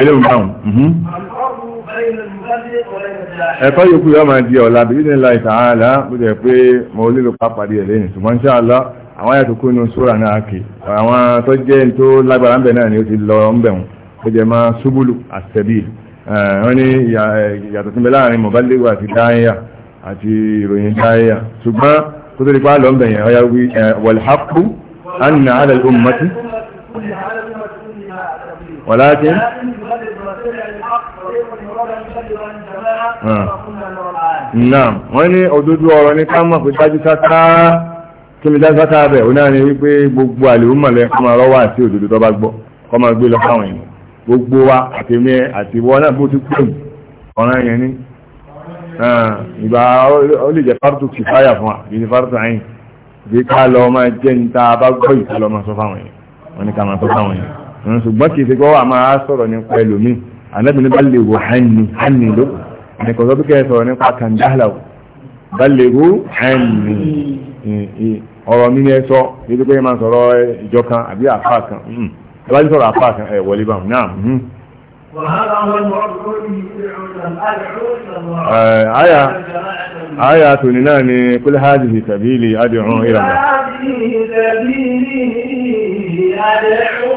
eléwu náà ẹ̀kọ́ yòókù yóò máa di ọ̀la bí ní láì tààlà bó jẹ́ pé mo lílo pápádé ẹ̀ lẹ́yìn ṣùgbọ́n ṣáà lọ àwọn ayàtò kó inú sóra náà kì àwọn tó jẹ́ tó lágbára ń bẹ̀ náà ni ó ti lọ ń bẹ̀ wọn ó jẹ́ máa ṣubúlù àṣẹbíyì Eh, wọ́n ní eh, ìyàtọ̀ tí ń bẹ láàrin mọ̀bálẹ́wò àti dáyà àti ìròyìn dáyà ṣùgbọ́n kó tó di pa lọ́mbẹ̀ yẹn ọya wí eh, wọ̀lhápù anna ala al-ummati walakin ah, naam wọ́n ní òdodo ọ̀rọ̀ ní ká mọ̀ pé dájú sáká kí mi dájú sáká bẹ̀ ó náà gbogbo wa àti mi àti ìwọ náà bó ti pè mí ọ̀ràn yẹn ni ah, ìgbà ó lè jẹ́ fárútù kì fáyà fún wa ìdí fárútù àyìn bí ká lọ máa jẹ́ ní ta bá gbọ́ ìta lọ máa sọ fáwọn yẹn wọ́n ní ká máa sọ fáwọn yẹn hmm, ṣùgbọ́n kì í ṣe pé wọ́n máa sọ̀rọ̀ nípa ẹlòmíì ànábì bá Mhm. وهذا هو المعرض قوله في عوده الحوت الله آية آية تنناني كل هذه سبيلي أدعو إلى الله هذه سبيلي أدعو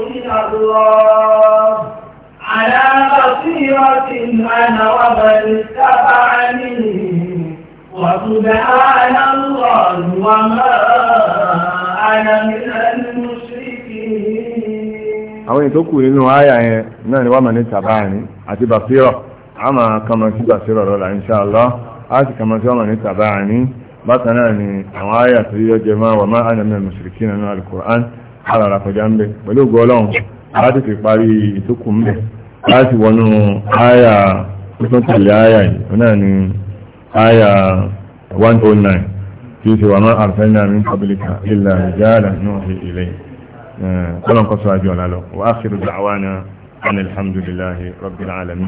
إلى الله على بصيرة أنا ومن اتبعني وسبحان الله وما أنا من المشركين àwọn ètò kù nínú àyà yẹn náà ni wọ́n máa ní tàbáàní àti bàfírọ̀ a máa kàmọ̀ sí bàfírọ̀ a sì kàmọ̀ sí ní tàbáàní bákan náà ni àwọn àyà tó yíyọ jẹ máa wà máa ànà mùsùlùkí nínú alukur'an alára kọjá ń bẹ pẹ̀lú ọlọ́run a ti fi parí ètò ń bẹ láti wọnú àyà tuntun tẹ̀lé àyà yìí náà ni àyà 109 kọ́lọ̀ nǹkan sọ àjọ ọ̀la lọ wà á fi rúdà àwọn àna alhamdulilahi rabbil alamin.